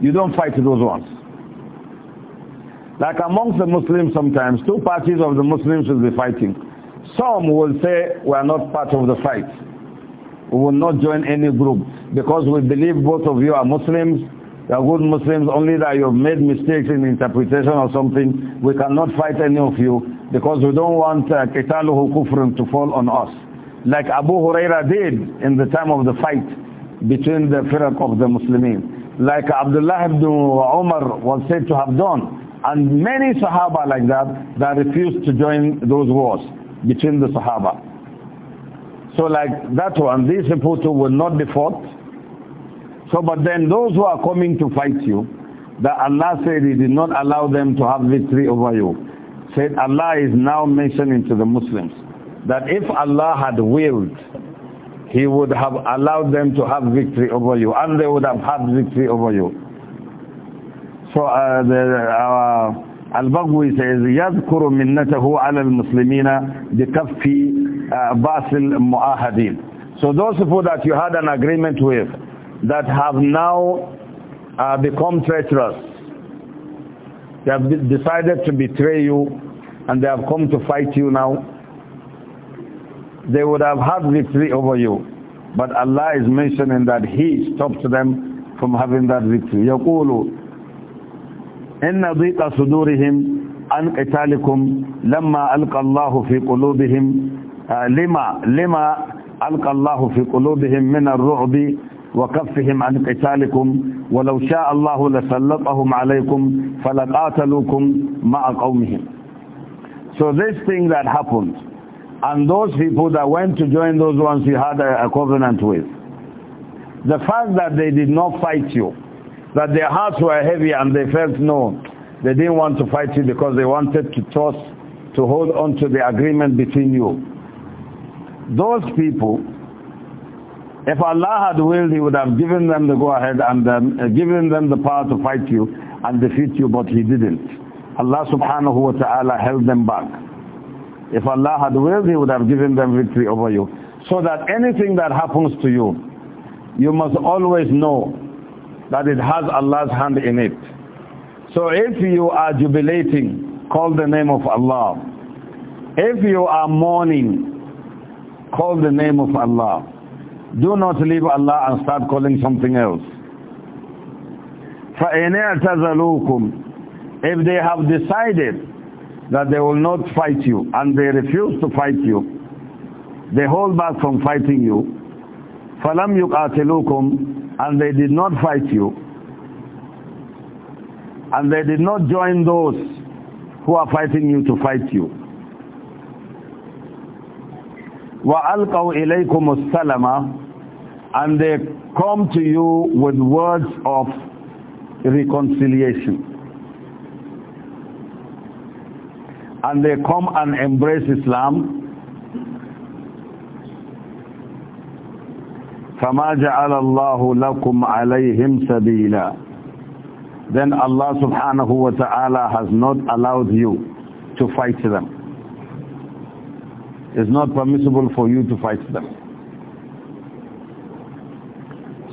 You don't fight those ones. Like amongst the Muslims sometimes, two parties of the Muslims will be fighting. Some will say, we are not part of the fight. We will not join any group because we believe both of you are Muslims are good Muslims, only that you have made mistakes in interpretation or something. We cannot fight any of you because we don't want kitalu uh, Qitaluhu Kufrun to fall on us. Like Abu Huraira did in the time of the fight between the Firak of the Muslimin. Like Abdullah ibn Umar was said to have done. And many Sahaba like that, that refused to join those wars between the Sahaba. So like that one, these people too will not be fought so, but then those who are coming to fight you, that Allah said He did not allow them to have victory over you. Said Allah is now mentioning to the Muslims that if Allah had willed, He would have allowed them to have victory over you, and they would have had victory over you. So uh, the, uh, البغوي says يذكر منته على المسلمين بكف باس المؤاهدين so those people that you had an agreement with that have now uh, become treacherous. They have decided to betray you and they have come to fight you now. They would have had victory over you. But Allah is mentioning that He stopped them from having that victory. يقول إن ضيق صدورهم عن قتالكم لما ألقى الله في قلوبهم لما لما ألقى الله في قلوبهم من الرعب وكفهم عن قتالكم ولو شاء الله لسلطهم عليكم فلقاتلوكم مع قومهم so this thing that happened and those people that went to join those ones you had a, a covenant with the fact that they did not fight you that their hearts were heavy and they felt no they didn't want to fight you because they wanted to trust to hold on to the agreement between you those people if Allah had willed, He would have given them the go-ahead and um, given them the power to fight you and defeat you, but He didn't. Allah subhanahu wa ta'ala held them back. If Allah had willed, He would have given them victory over you. So that anything that happens to you, you must always know that it has Allah's hand in it. So if you are jubilating, call the name of Allah. If you are mourning, call the name of Allah. Do not leave Allah and start calling something else. فَإِنْ اَعْتَزَلُوكُمْ If they have decided that they will not fight you and they refuse to fight you, they hold back from fighting you, فَلَمْ يُقَاتِلُوكُمْ And they did not fight you, and they did not join those who are fighting you to fight you. وَأَلْقَوْا إِلَيْكُمُ السَّلَمَ And they come to you with words of reconciliation. And they come and embrace Islam. فَمَا جَعَلَ اللَّهُ لَكُمْ عَلَيْهِمْ سَبِيلًا Then Allah subhanahu wa ta'ala has not allowed you to fight them. It's not permissible for you to fight them.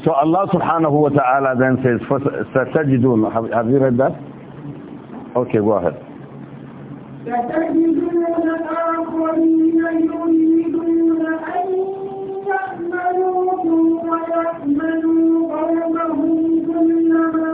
So Allah subhanahu wa ta'ala then says, فَسَجِدُونَ have, have you read that? Okay, go ahead. قومهم كلما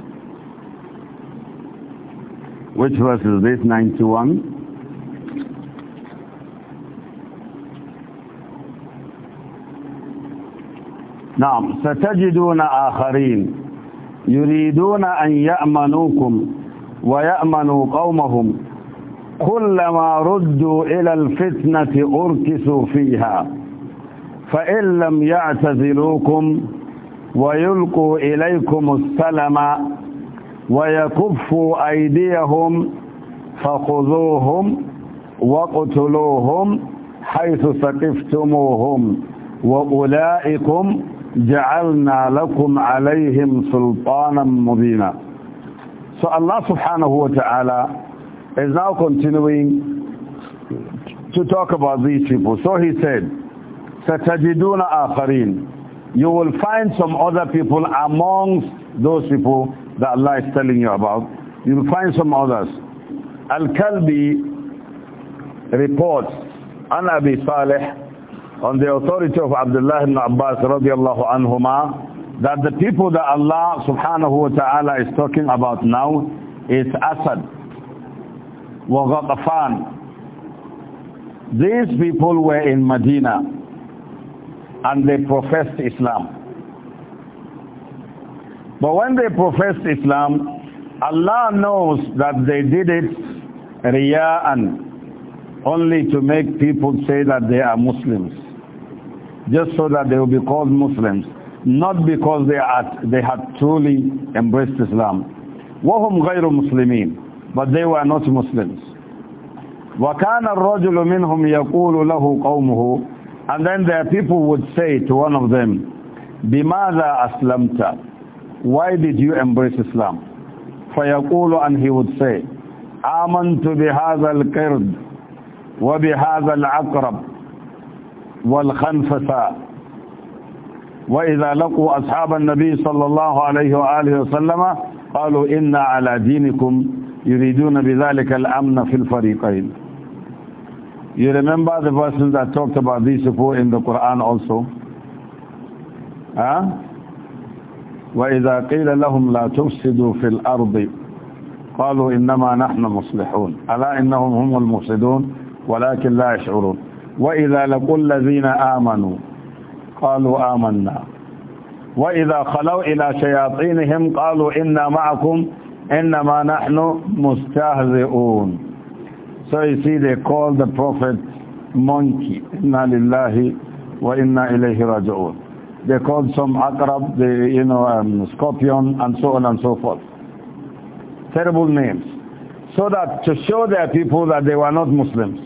Which verse is this? 91? نعم ستجدون آخرين يريدون أن يأمنوكم ويأمنوا قومهم كلما ردوا إلى الفتنة أركسوا فيها فإن لم يعتذروكم ويلقوا إليكم السلم ويكفوا أيديهم فخذوهم وقتلوهم حيث ثقفتموهم وأولئكم جعلنا لكم عليهم سلطانا مبينا So Allah subhanahu wa ta'ala is now continuing to talk about these people. So he said, سَتَجِدُونَ آخَرِينَ You will find some other people amongst those people that Allah is telling you about, you'll find some others. Al-Kalbi reports an Abi Saleh on the authority of Abdullah ibn Abbas radiallahu anhuma that the people that Allah subhanahu wa ta'ala is talking about now is Asad wa Ghatafan. These people were in Medina and they professed Islam. But when they professed Islam, Allah knows that they did it riya'an, only to make people say that they are Muslims, just so that they will be called Muslims, not because they, are, they had truly embraced Islam. وهم غير مسلمين but they were not Muslims وكان الرجل منهم يقول له قومه and then their people would say to one of them بماذا أسلمت why did you embrace Islam? فَيَقُولُ And he would say, آمنت بهذا القرد وبهذا العقرب والخنفساء وإذا لقوا أصحاب النبي صلى الله عليه وآله وسلم قالوا إنا على دينكم يريدون بذلك الأمن في الفريقين You remember the verses that talked about these before in the Quran also? Huh? وإذا قيل لهم لا تفسدوا في الأرض قالوا إنما نحن مصلحون ألا إنهم هم المفسدون ولكن لا يشعرون وإذا لقوا الذين آمنوا قالوا آمنا وإذا خلوا إلى شياطينهم قالوا إنا معكم إنما نحن مستهزئون So you see they call the prophet monkey إنا لله وإنا إليه راجعون They called some Akrab, the, you know, um, Scorpion, and so on and so forth. Terrible names. So that to show their people that they were not Muslims.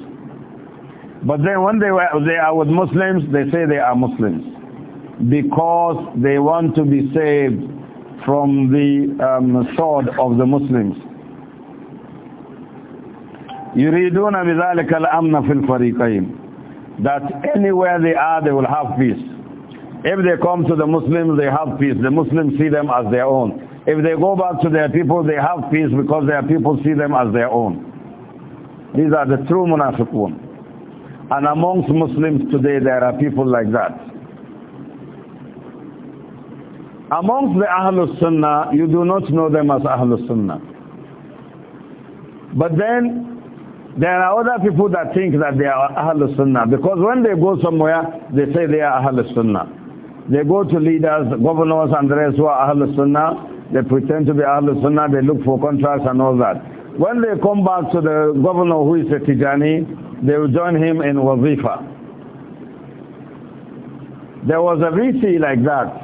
But then when they, were, they are with Muslims, they say they are Muslims. Because they want to be saved from the um, sword of the Muslims. يريدون بذلك الأمن في الفريقين that anywhere they are they will have peace if they come to the Muslims, they have peace. The Muslims see them as their own. If they go back to their people, they have peace because their people see them as their own. These are the true munafiqun. And amongst Muslims today, there are people like that. Amongst the Ahlul Sunnah, you do not know them as Ahlul Sunnah. But then, there are other people that think that they are Ahlul Sunnah. Because when they go somewhere, they say they are Ahlul Sunnah. They go to leaders, governors and the rest who are Ahlul Sunnah. They pretend to be Ahlul Sunnah. They look for contracts and all that. When they come back to the governor who is a Tijani, they will join him in Wazifa. There was a VC like that.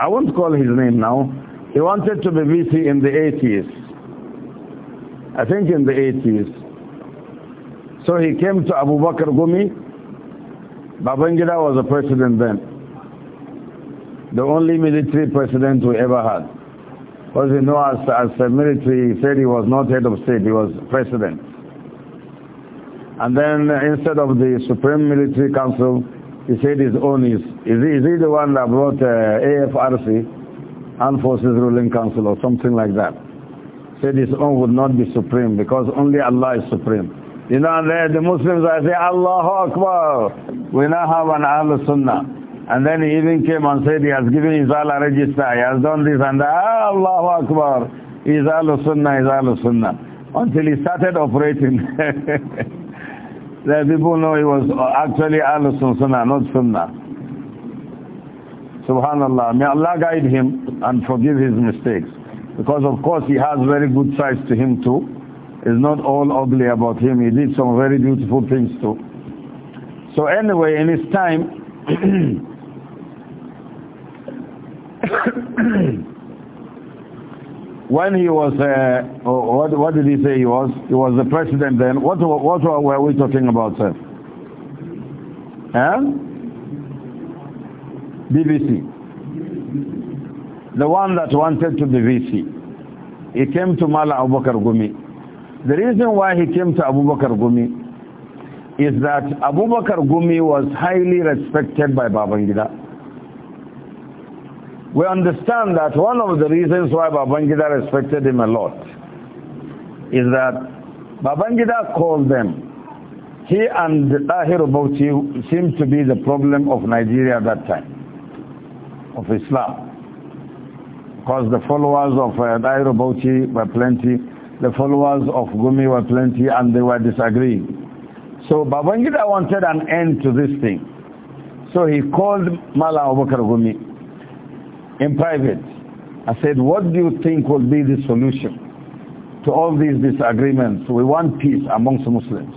I won't call his name now. He wanted to be VC in the 80s. I think in the 80s. So he came to Abu Bakr Gumi. Babangida was the president then the only military president we ever had. Because you know, as, as a military, he said he was not head of state, he was president. And then uh, instead of the Supreme Military Council, he said his own is, is he, is he the one that brought uh, AFRC, Armed Forces Ruling Council or something like that. Said his own would not be supreme because only Allah is supreme. You know, the, the Muslims, I say, Allahu Akbar. We now have an Ahlul Sunnah. And then he even came and said he has given his ala register, he has done this and that. Ah, Allahu Akbar, Izala Sunnah, Izala Sunnah. Until he started operating. (laughs) the people know he was actually Al Sunnah, not Sunnah. Subhanallah. May Allah guide him and forgive his mistakes. Because of course he has very good sides to him too. It's not all ugly about him. He did some very beautiful things too. So anyway, in his time, (clears throat) (coughs) when he was, uh, oh, what, what did he say he was? He was the president then. What, what were we talking about, sir? Huh? BBC. The one that wanted to be VC. He came to Mala Abu Gumi. The reason why he came to Abu Bakr Gumi is that Abu Bakr Gumi was highly respected by Babangida we understand that one of the reasons why Babangida respected him a lot is that Babangida called them. He and Tahir Bauchi seemed to be the problem of Nigeria at that time, of Islam. Because the followers of uh, Tahir were plenty, the followers of Gumi were plenty, and they were disagreeing. So Babangida wanted an end to this thing. So he called Mala Abubakar Gumi in private. I said, what do you think will be the solution to all these disagreements? We want peace amongst Muslims.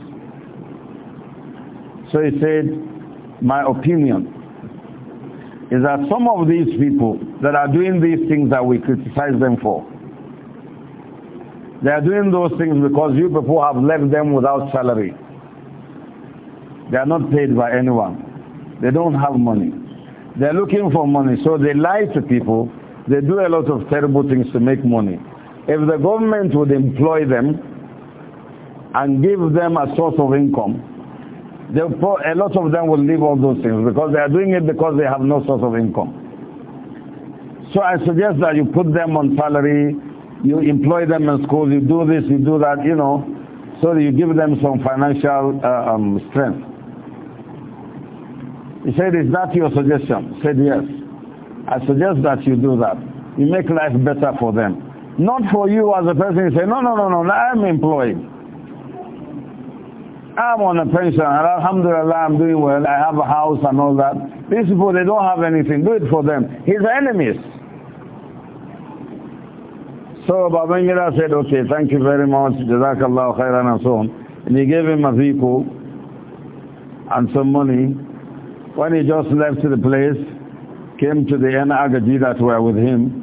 So he said, my opinion is that some of these people that are doing these things that we criticize them for, they are doing those things because you people have left them without salary. They are not paid by anyone. They don't have money. They're looking for money, so they lie to people. They do a lot of terrible things to make money. If the government would employ them and give them a source of income, a lot of them will leave all those things because they are doing it because they have no source of income. So I suggest that you put them on salary, you employ them in school, you do this, you do that, you know, so you give them some financial uh, um, strength. He said, is that your suggestion? He said, yes. I suggest that you do that. You make life better for them. Not for you as a person. You say, no, no, no, no, I'm employed. I'm on a pension and alhamdulillah I'm doing well. I have a house and all that. These people, they don't have anything. Do it for them. His enemies. So Babangida said, okay, thank you very much. Jazakallah khairan and so on. And he gave him a vehicle and some money when he just left the place, came to the Enagaji that were with him,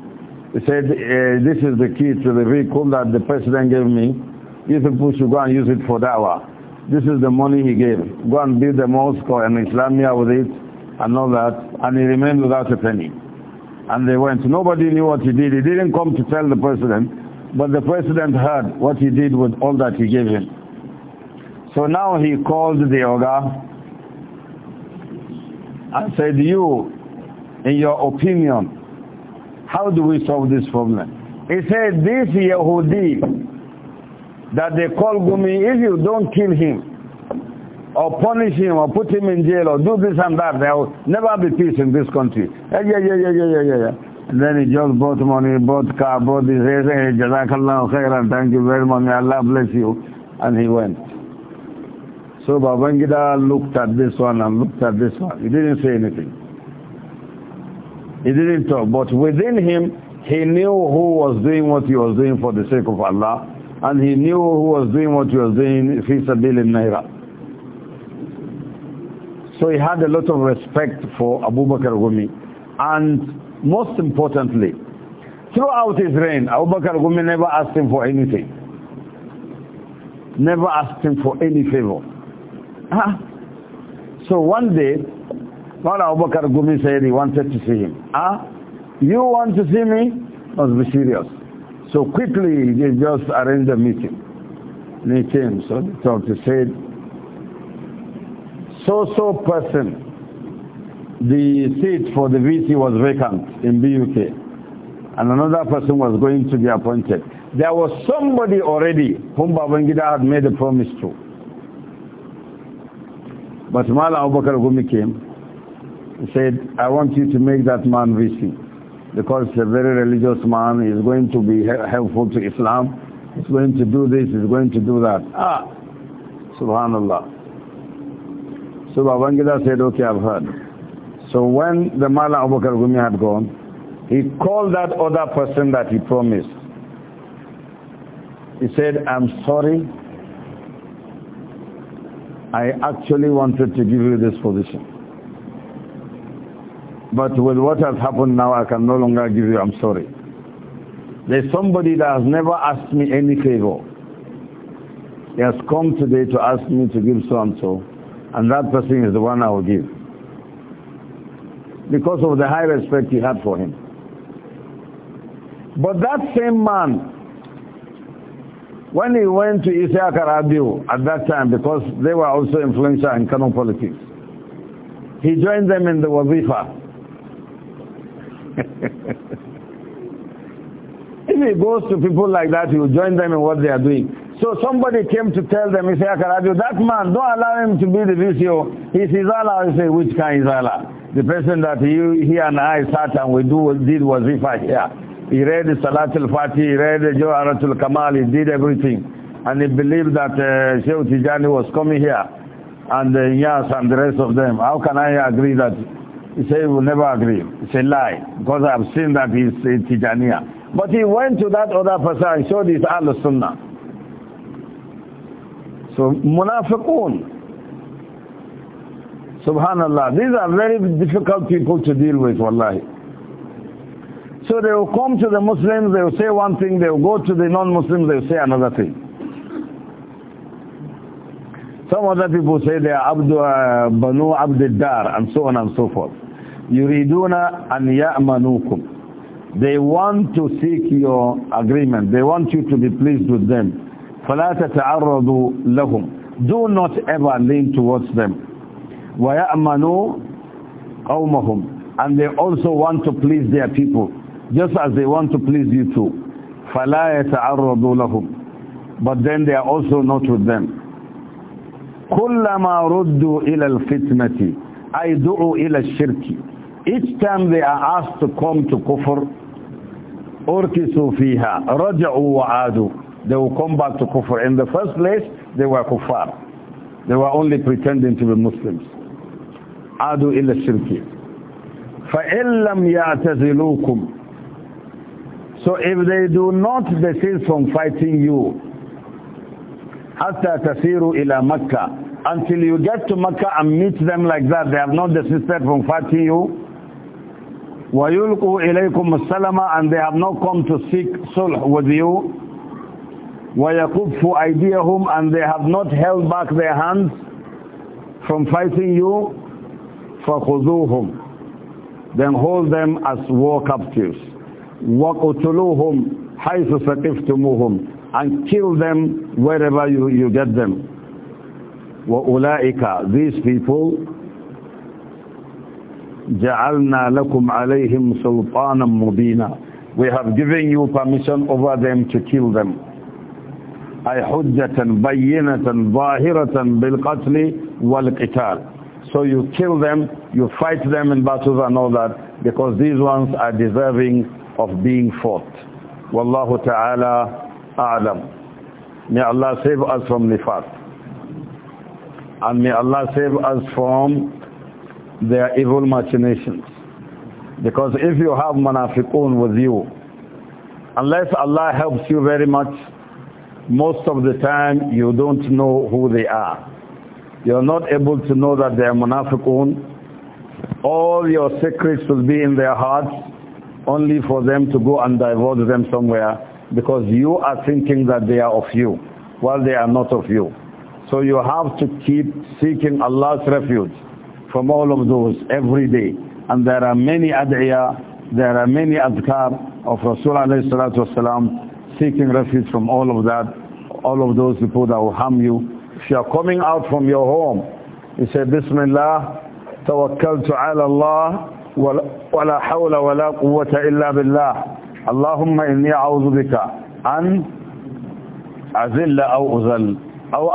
he said, eh, this is the key to the vehicle that the president gave me. You people should go and use it for dawah. This is the money he gave. Go and build a mosque or an Islamia with it and all that. And he remained without a penny. And they went. Nobody knew what he did. He didn't come to tell the president, but the president heard what he did with all that he gave him. So now he called the Oga I said, you, in your opinion, how do we solve this problem? He said, this Yehudi that they call Gumi, if you don't kill him, or punish him, or put him in jail, or do this and that, there will never be peace in this country. Eh, yeah, yeah, yeah, yeah, yeah, yeah, yeah. And then he just bought money, bought car, bought this, he said, Jazakallah khairan, thank you very much, may Allah bless you. And he went. So Babangida looked at this one and looked at this one. He didn't say anything. He didn't talk. But within him, he knew who was doing what he was doing for the sake of Allah. And he knew who was doing what he was doing fi in naira. So he had a lot of respect for Abu Bakr Gumi. And most importantly, throughout his reign, Abu Bakr Gumi never asked him for anything. Never asked him for any favor. Huh? Ah. So one day, Mawla Abu Bakr Gumi said he wanted to see him. Huh? Ah, you want to see me? Must be serious. So quickly he just arranged a meeting. And he came, so he talked, he said, so-so person, the seat for the VC was vacant in BUK. And another person was going to be appointed. There was somebody already whom Babangida had made a promise to. But Mala Abu Bakr Gumi came and said, I want you to make that man VC because he's a very religious man, he's going to be helpful to Islam, he's going to do this, he's going to do that. Ah, subhanallah. So Babangida said, okay, I've heard. So when the Mala Abu Bakr Gumi had gone, he called that other person that he promised. He said, I'm sorry, I actually wanted to give you this position. But with what has happened now, I can no longer give you, I'm sorry. There's somebody that has never asked me any favor. He has come today to ask me to give so-and-so, and that person is the one I will give. Because of the high respect he had for him. But that same man when he went to Isaac Rabiu at that time, because they were also influential in Kano politics, he joined them in the wazifa. (laughs) if he goes to people like that, he will join them in what they are doing. So somebody came to tell them, Isaac Rabiu, that man, don't allow him to be the VCO. He's Izala. I say, which kind Izala? The person that he, he and I sat and we do, did wazifa here. He read the Salatul Fatih, he read the Jawaratul Kamal, he did everything. And he believed that uh, Sheikh Tijani was coming here and uh, Yas and the rest of them. How can I agree that? He said, he will never agree. It's a lie because I've seen that he's a Tijaniya. But he went to that other person and showed his Al-Sunnah. So, munafiqun. Subhanallah. These are very difficult people to deal with, wallahi. So they will come to the Muslims, they will say one thing, they will go to the non-Muslims, they will say another thing. Some other people say they are Abdu, uh, Banu Abdiddar and so on and so forth. Yuriduna an ya'manukum. They want to seek your agreement. They want you to be pleased with them. فَلَا تَتَعَرَّضُوا لَهُمْ Do not ever lean towards them. وَيَأْمَنُوا قَوْمَهُمْ And they also want to please their people just as they want to please you too. فَلَا يَتَعَرَّضُوا لَهُمْ But then they are also not with them. كُلَّمَا رُدُّوا إِلَى الْفِتْنَةِ أَيْدُعُوا إِلَى الشِّرْكِ Each time they are asked to come to kufr, أُرْكِسُوا فِيهَا رَجَعُوا وَعَادُوا They will come back to kufr. In the first place, they were kuffar. They were only pretending to be Muslims. عَادُوا إِلَى الشِّرْكِ فَإِن لَّمْ يَعْتَزِلُوكُمْ so if they do not desist from fighting you, hasta تسيروا ila Makkah, until you get to Mecca and meet them like that, they have not desisted from fighting you. وَيُلْقُوا إِلَيْكُمُ السَّلَمَ And they have not come to seek sulh with you. وَيَكُفُّوا أَيْدِيَهُمْ And they have not held back their hands from fighting you. فَخُذُوهُمْ Then hold them as war captives. وَقُتُلُوهُمْ حَيْثُ ثَقِفْتُمُوهُمْ And kill them wherever you, you get them. وَأُولَئِكَ These people جَعَلْنَا لَكُمْ عَلَيْهِمْ سُلْطَانًا مُبِينًا We have given you permission over them to kill them. أي حجة بينة ظاهرة بالقتل والقتال so you kill them you fight them in battles and all that because these ones are deserving of being fought. Wallahu ta'ala a'lam. May Allah save us from nifaq. And may Allah save us from their evil machinations. Because if you have munafiqun with you, unless Allah helps you very much, most of the time you don't know who they are. You're not able to know that they are munafiqun. All your secrets will be in their hearts only for them to go and divorce them somewhere because you are thinking that they are of you while they are not of you. So you have to keep seeking Allah's refuge from all of those every day. And there are many ad'iyah, there are many adhkar of Rasulullah seeking refuge from all of that, all of those people that will harm you. If you are coming out from your home, you say, Bismillah, tawakkaltu ala Allah, ولا حول ولا قوة إلا بالله اللهم إني أعوذ بك أن أذل أو أذل أو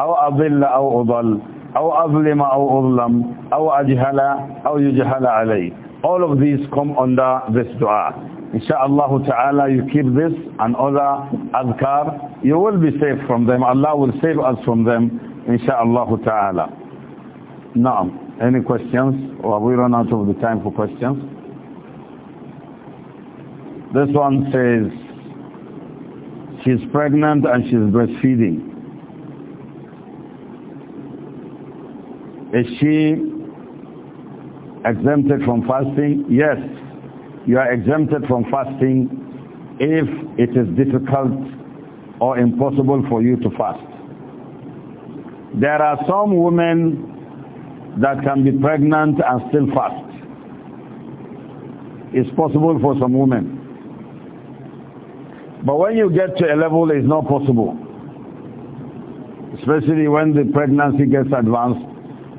أو أضل أو أضل أو أظلم أو أظلم أو أجهل أو يجهل علي all of these come under this dua inshallah ta'ala you keep this and other adhkar you will be safe from them Allah will save us from them inshallah ta'ala na'am Any questions? Or have we run out of the time for questions? This one says, she's pregnant and she's breastfeeding. Is she exempted from fasting? Yes, you are exempted from fasting if it is difficult or impossible for you to fast. There are some women that can be pregnant and still fast. It's possible for some women. But when you get to a level, it's not possible. Especially when the pregnancy gets advanced,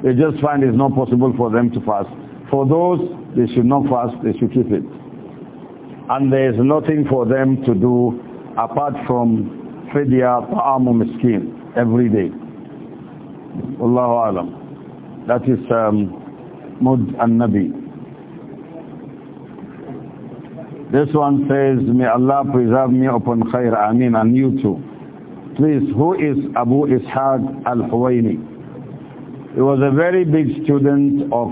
they just find it's not possible for them to fast. For those, they should not fast, they should keep it. And there is nothing for them to do apart from fidya ta'amu miskin every day. Allahu Alam. That is um, Mud nabi This one says, May Allah preserve me upon khair, Amin and you too. Please, who is Abu Ishaq al-Huwaini? He was a very big student of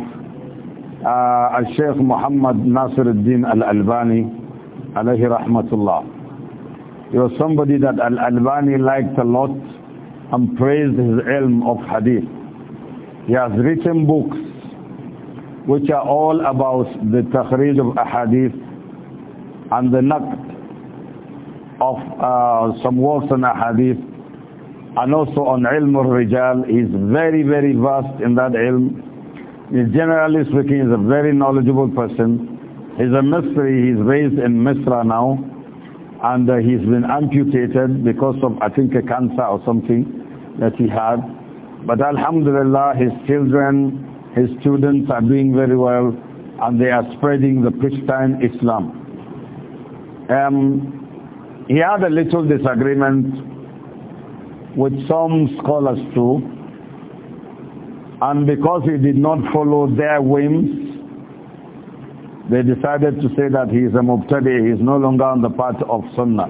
uh, Sheikh Muhammad Nasiruddin al-Albani, alayhi rahmatullah. He was somebody that al-Albani liked a lot and praised his ilm of hadith. He has written books which are all about the takhrij of ahadith and the naqt of uh, some works on ahadith and also on ilm al-rijal. He's very, very vast in that ilm. He's generally speaking, he's a very knowledgeable person. He's a mystery. He's raised in Misra now. And uh, he's been amputated because of, I think, a cancer or something that he had but alhamdulillah, his children, his students are doing very well and they are spreading the Christian Islam. Um, he had a little disagreement with some scholars too. And because he did not follow their whims, they decided to say that he is a mubtadi, he is no longer on the path of sunnah.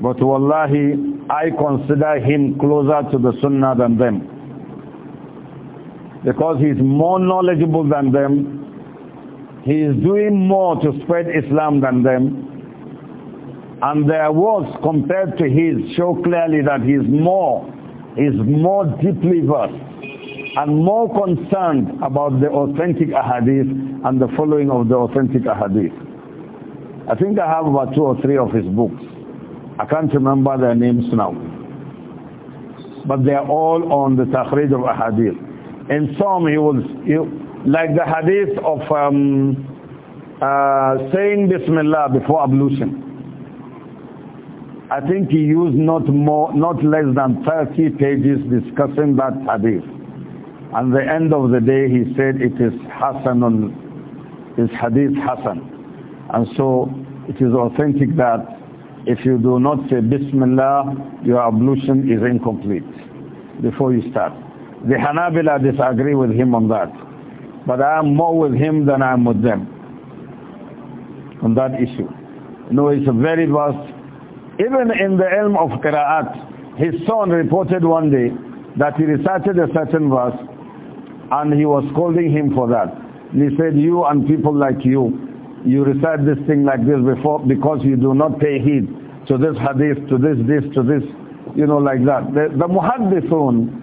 But wallahi, I consider him closer to the sunnah than them. Because he is more knowledgeable than them. He is doing more to spread Islam than them. And their words compared to his show clearly that he is more, is more deeply versed and more concerned about the authentic ahadith and the following of the authentic ahadith. I think I have about two or three of his books. I can't remember their names now. But they are all on the Tahrir of Ahadith. In some he was, he, like the hadith of um, uh, saying Bismillah before ablution. I think he used not more, not less than 30 pages discussing that hadith. And the end of the day he said it is on is hadith Hassan. And so it is authentic that if you do not say Bismillah, your ablution is incomplete before you start. The Hanabila disagree with him on that. But I am more with him than I am with them on that issue. You know, it's a very vast, even in the elm of Qira'at, his son reported one day that he recited a certain verse and he was scolding him for that. And he said, you and people like you you recite this thing like this before because you do not pay heed to this hadith, to this, this, to this, you know, like that. The, the muhaddithun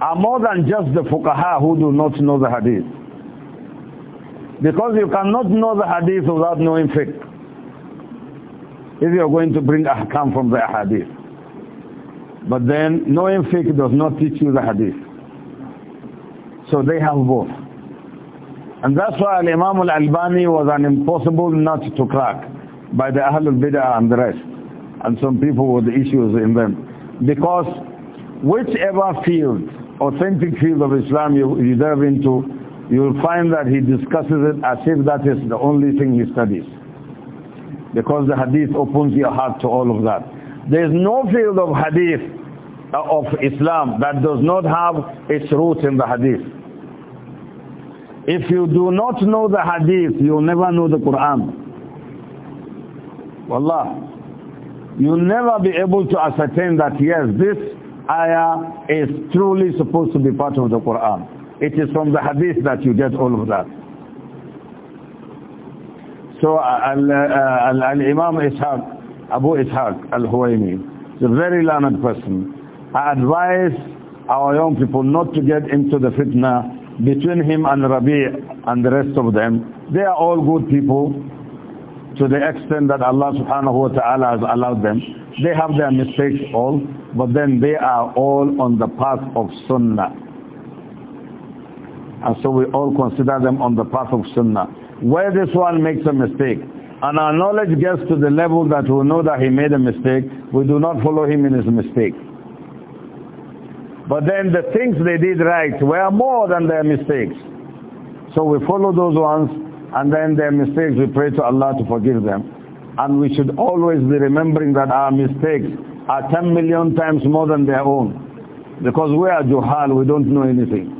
are more than just the fuqaha who do not know the hadith. Because you cannot know the hadith without knowing fiqh. If you're going to bring ahkam from the hadith. But then knowing fiqh does not teach you the hadith. So they have both. And that's why Imam al-Albani was an impossible nut to crack by the Ahlul Bid'ah and the rest, and some people with issues in them. Because whichever field, authentic field of Islam you, you delve into, you'll find that he discusses it as if that is the only thing he studies. Because the hadith opens your heart to all of that. There is no field of hadith, uh, of Islam, that does not have its roots in the hadith. If you do not know the hadith, you'll never know the Quran. Wallah. You'll never be able to ascertain that, yes, this ayah is truly supposed to be part of the Quran. It is from the hadith that you get all of that. So Al-Imam uh, al, uh, Ishaq, Abu Ishaq Al-Huwaini, is a very learned person. I advise our young people not to get into the fitna between him and Rabi' and the rest of them, they are all good people to the extent that Allah subhanahu wa ta'ala has allowed them. They have their mistakes all, but then they are all on the path of sunnah. And so we all consider them on the path of sunnah. Where this one makes a mistake, and our knowledge gets to the level that we know that he made a mistake, we do not follow him in his mistake. But then the things they did right were more than their mistakes. So we follow those ones and then their mistakes we pray to Allah to forgive them. And we should always be remembering that our mistakes are 10 million times more than their own. Because we are juhal, we don't know anything.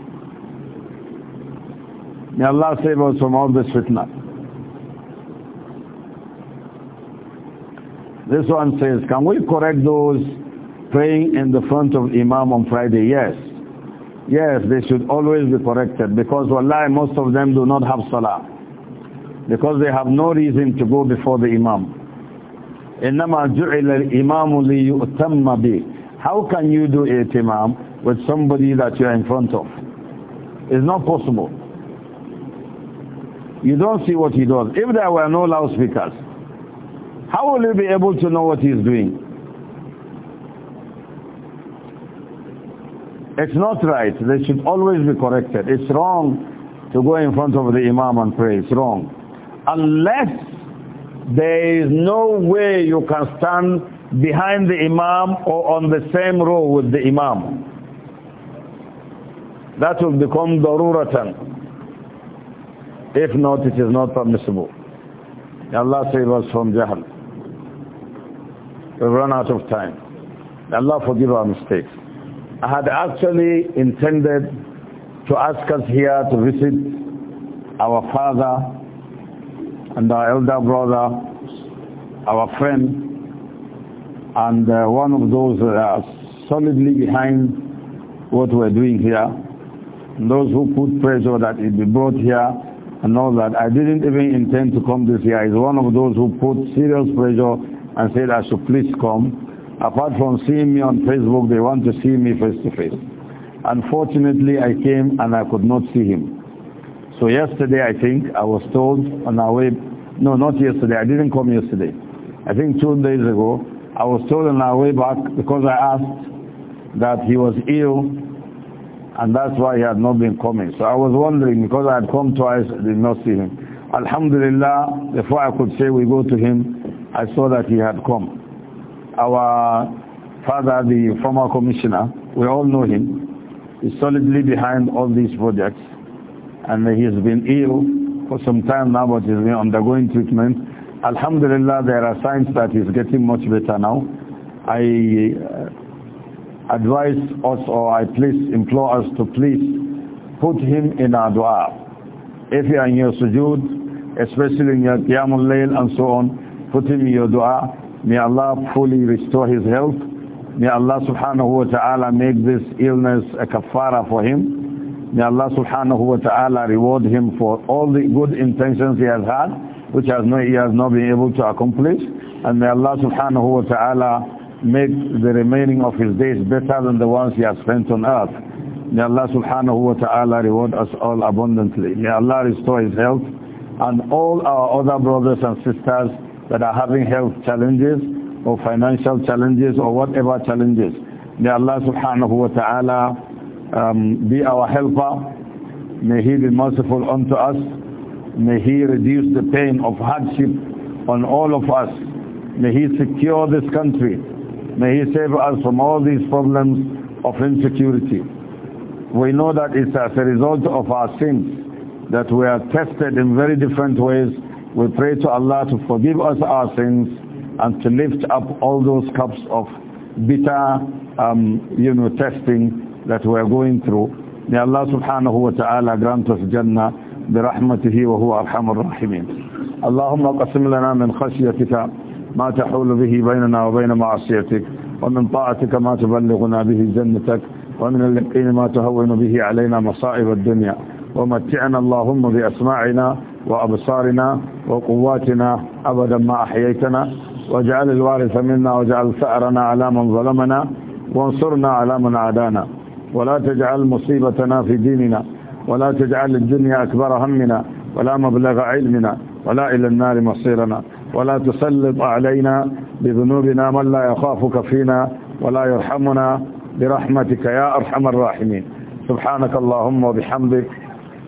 May Allah save us from all this fitna. This one says, can we correct those praying in the front of Imam on Friday, yes. Yes, they should always be corrected because wallahi most of them do not have salah. Because they have no reason to go before the Imam. إِنَّمَا جُعِلَ الْإِمَامُ لِيُؤْتَمَّ بِهِ How can you do Imam, with somebody that you are in front of? It's not possible. You don't see what he does. If there were no loudspeakers, how will you be able to know what he's doing? It's not right. They should always be corrected. It's wrong to go in front of the imam and pray. It's wrong. Unless there is no way you can stand behind the imam or on the same row with the imam. That will become daruratan. If not, it is not permissible. Allah save us from jahal. We've run out of time. Allah forgive our mistakes had actually intended to ask us here to visit our father and our elder brother, our friend, and uh, one of those that are solidly behind what we're doing here. And those who put pressure that it be brought here and all that. I didn't even intend to come this year. He's one of those who put serious pressure and said I should please come. Apart from seeing me on Facebook, they want to see me face to face. Unfortunately, I came and I could not see him. So yesterday, I think, I was told on our way, no, not yesterday, I didn't come yesterday. I think two days ago, I was told on our way back because I asked that he was ill and that's why he had not been coming. So I was wondering because I had come twice, I did not see him. Alhamdulillah, before I could say we go to him, I saw that he had come our father, the former commissioner, we all know him, is solidly behind all these projects. And he has been ill for some time now, but he's been undergoing treatment. Alhamdulillah, there are signs that he's getting much better now. I uh, advise us, or I please implore us to please put him in our dua. If you are in your sujood, especially in your qiyamul layl and so on, put him in your dua May Allah fully restore his health. May Allah subhanahu wa ta'ala make this illness a kafara for him. May Allah subhanahu wa ta'ala reward him for all the good intentions he has had, which has no, he has not been able to accomplish. And may Allah subhanahu wa ta'ala make the remaining of his days better than the ones he has spent on earth. May Allah subhanahu wa ta'ala reward us all abundantly. May Allah restore his health and all our other brothers and sisters that are having health challenges or financial challenges or whatever challenges. May Allah subhanahu wa ta'ala um, be our helper. May He be merciful unto us. May He reduce the pain of hardship on all of us. May He secure this country. May He save us from all these problems of insecurity. We know that it's as a result of our sins that we are tested in very different ways we pray to Allah to forgive us our sins and to lift up all those cups of bitter, um, you know, testing that we're going through. May Allah subhanahu wa ta'ala grant us Jannah برحمته وهو أرحم الراحمين اللهم قسم لنا من خشيتك ما تحول به بيننا وبين معصيتك ومن طاعتك ما تبلغنا به جنتك ومن اليقين ما تهون به علينا مصائب الدنيا ومتعنا اللهم بأسماعنا وأبصارنا وقواتنا أبدا ما أحييتنا واجعل الوارث منا واجعل ثأرنا على من ظلمنا وانصرنا على من عادانا ولا تجعل مصيبتنا في ديننا ولا تجعل الدنيا أكبر همنا ولا مبلغ علمنا ولا إلى النار مصيرنا ولا تسلط علينا بذنوبنا من لا يخافك فينا ولا يرحمنا برحمتك يا أرحم الراحمين سبحانك اللهم وبحمدك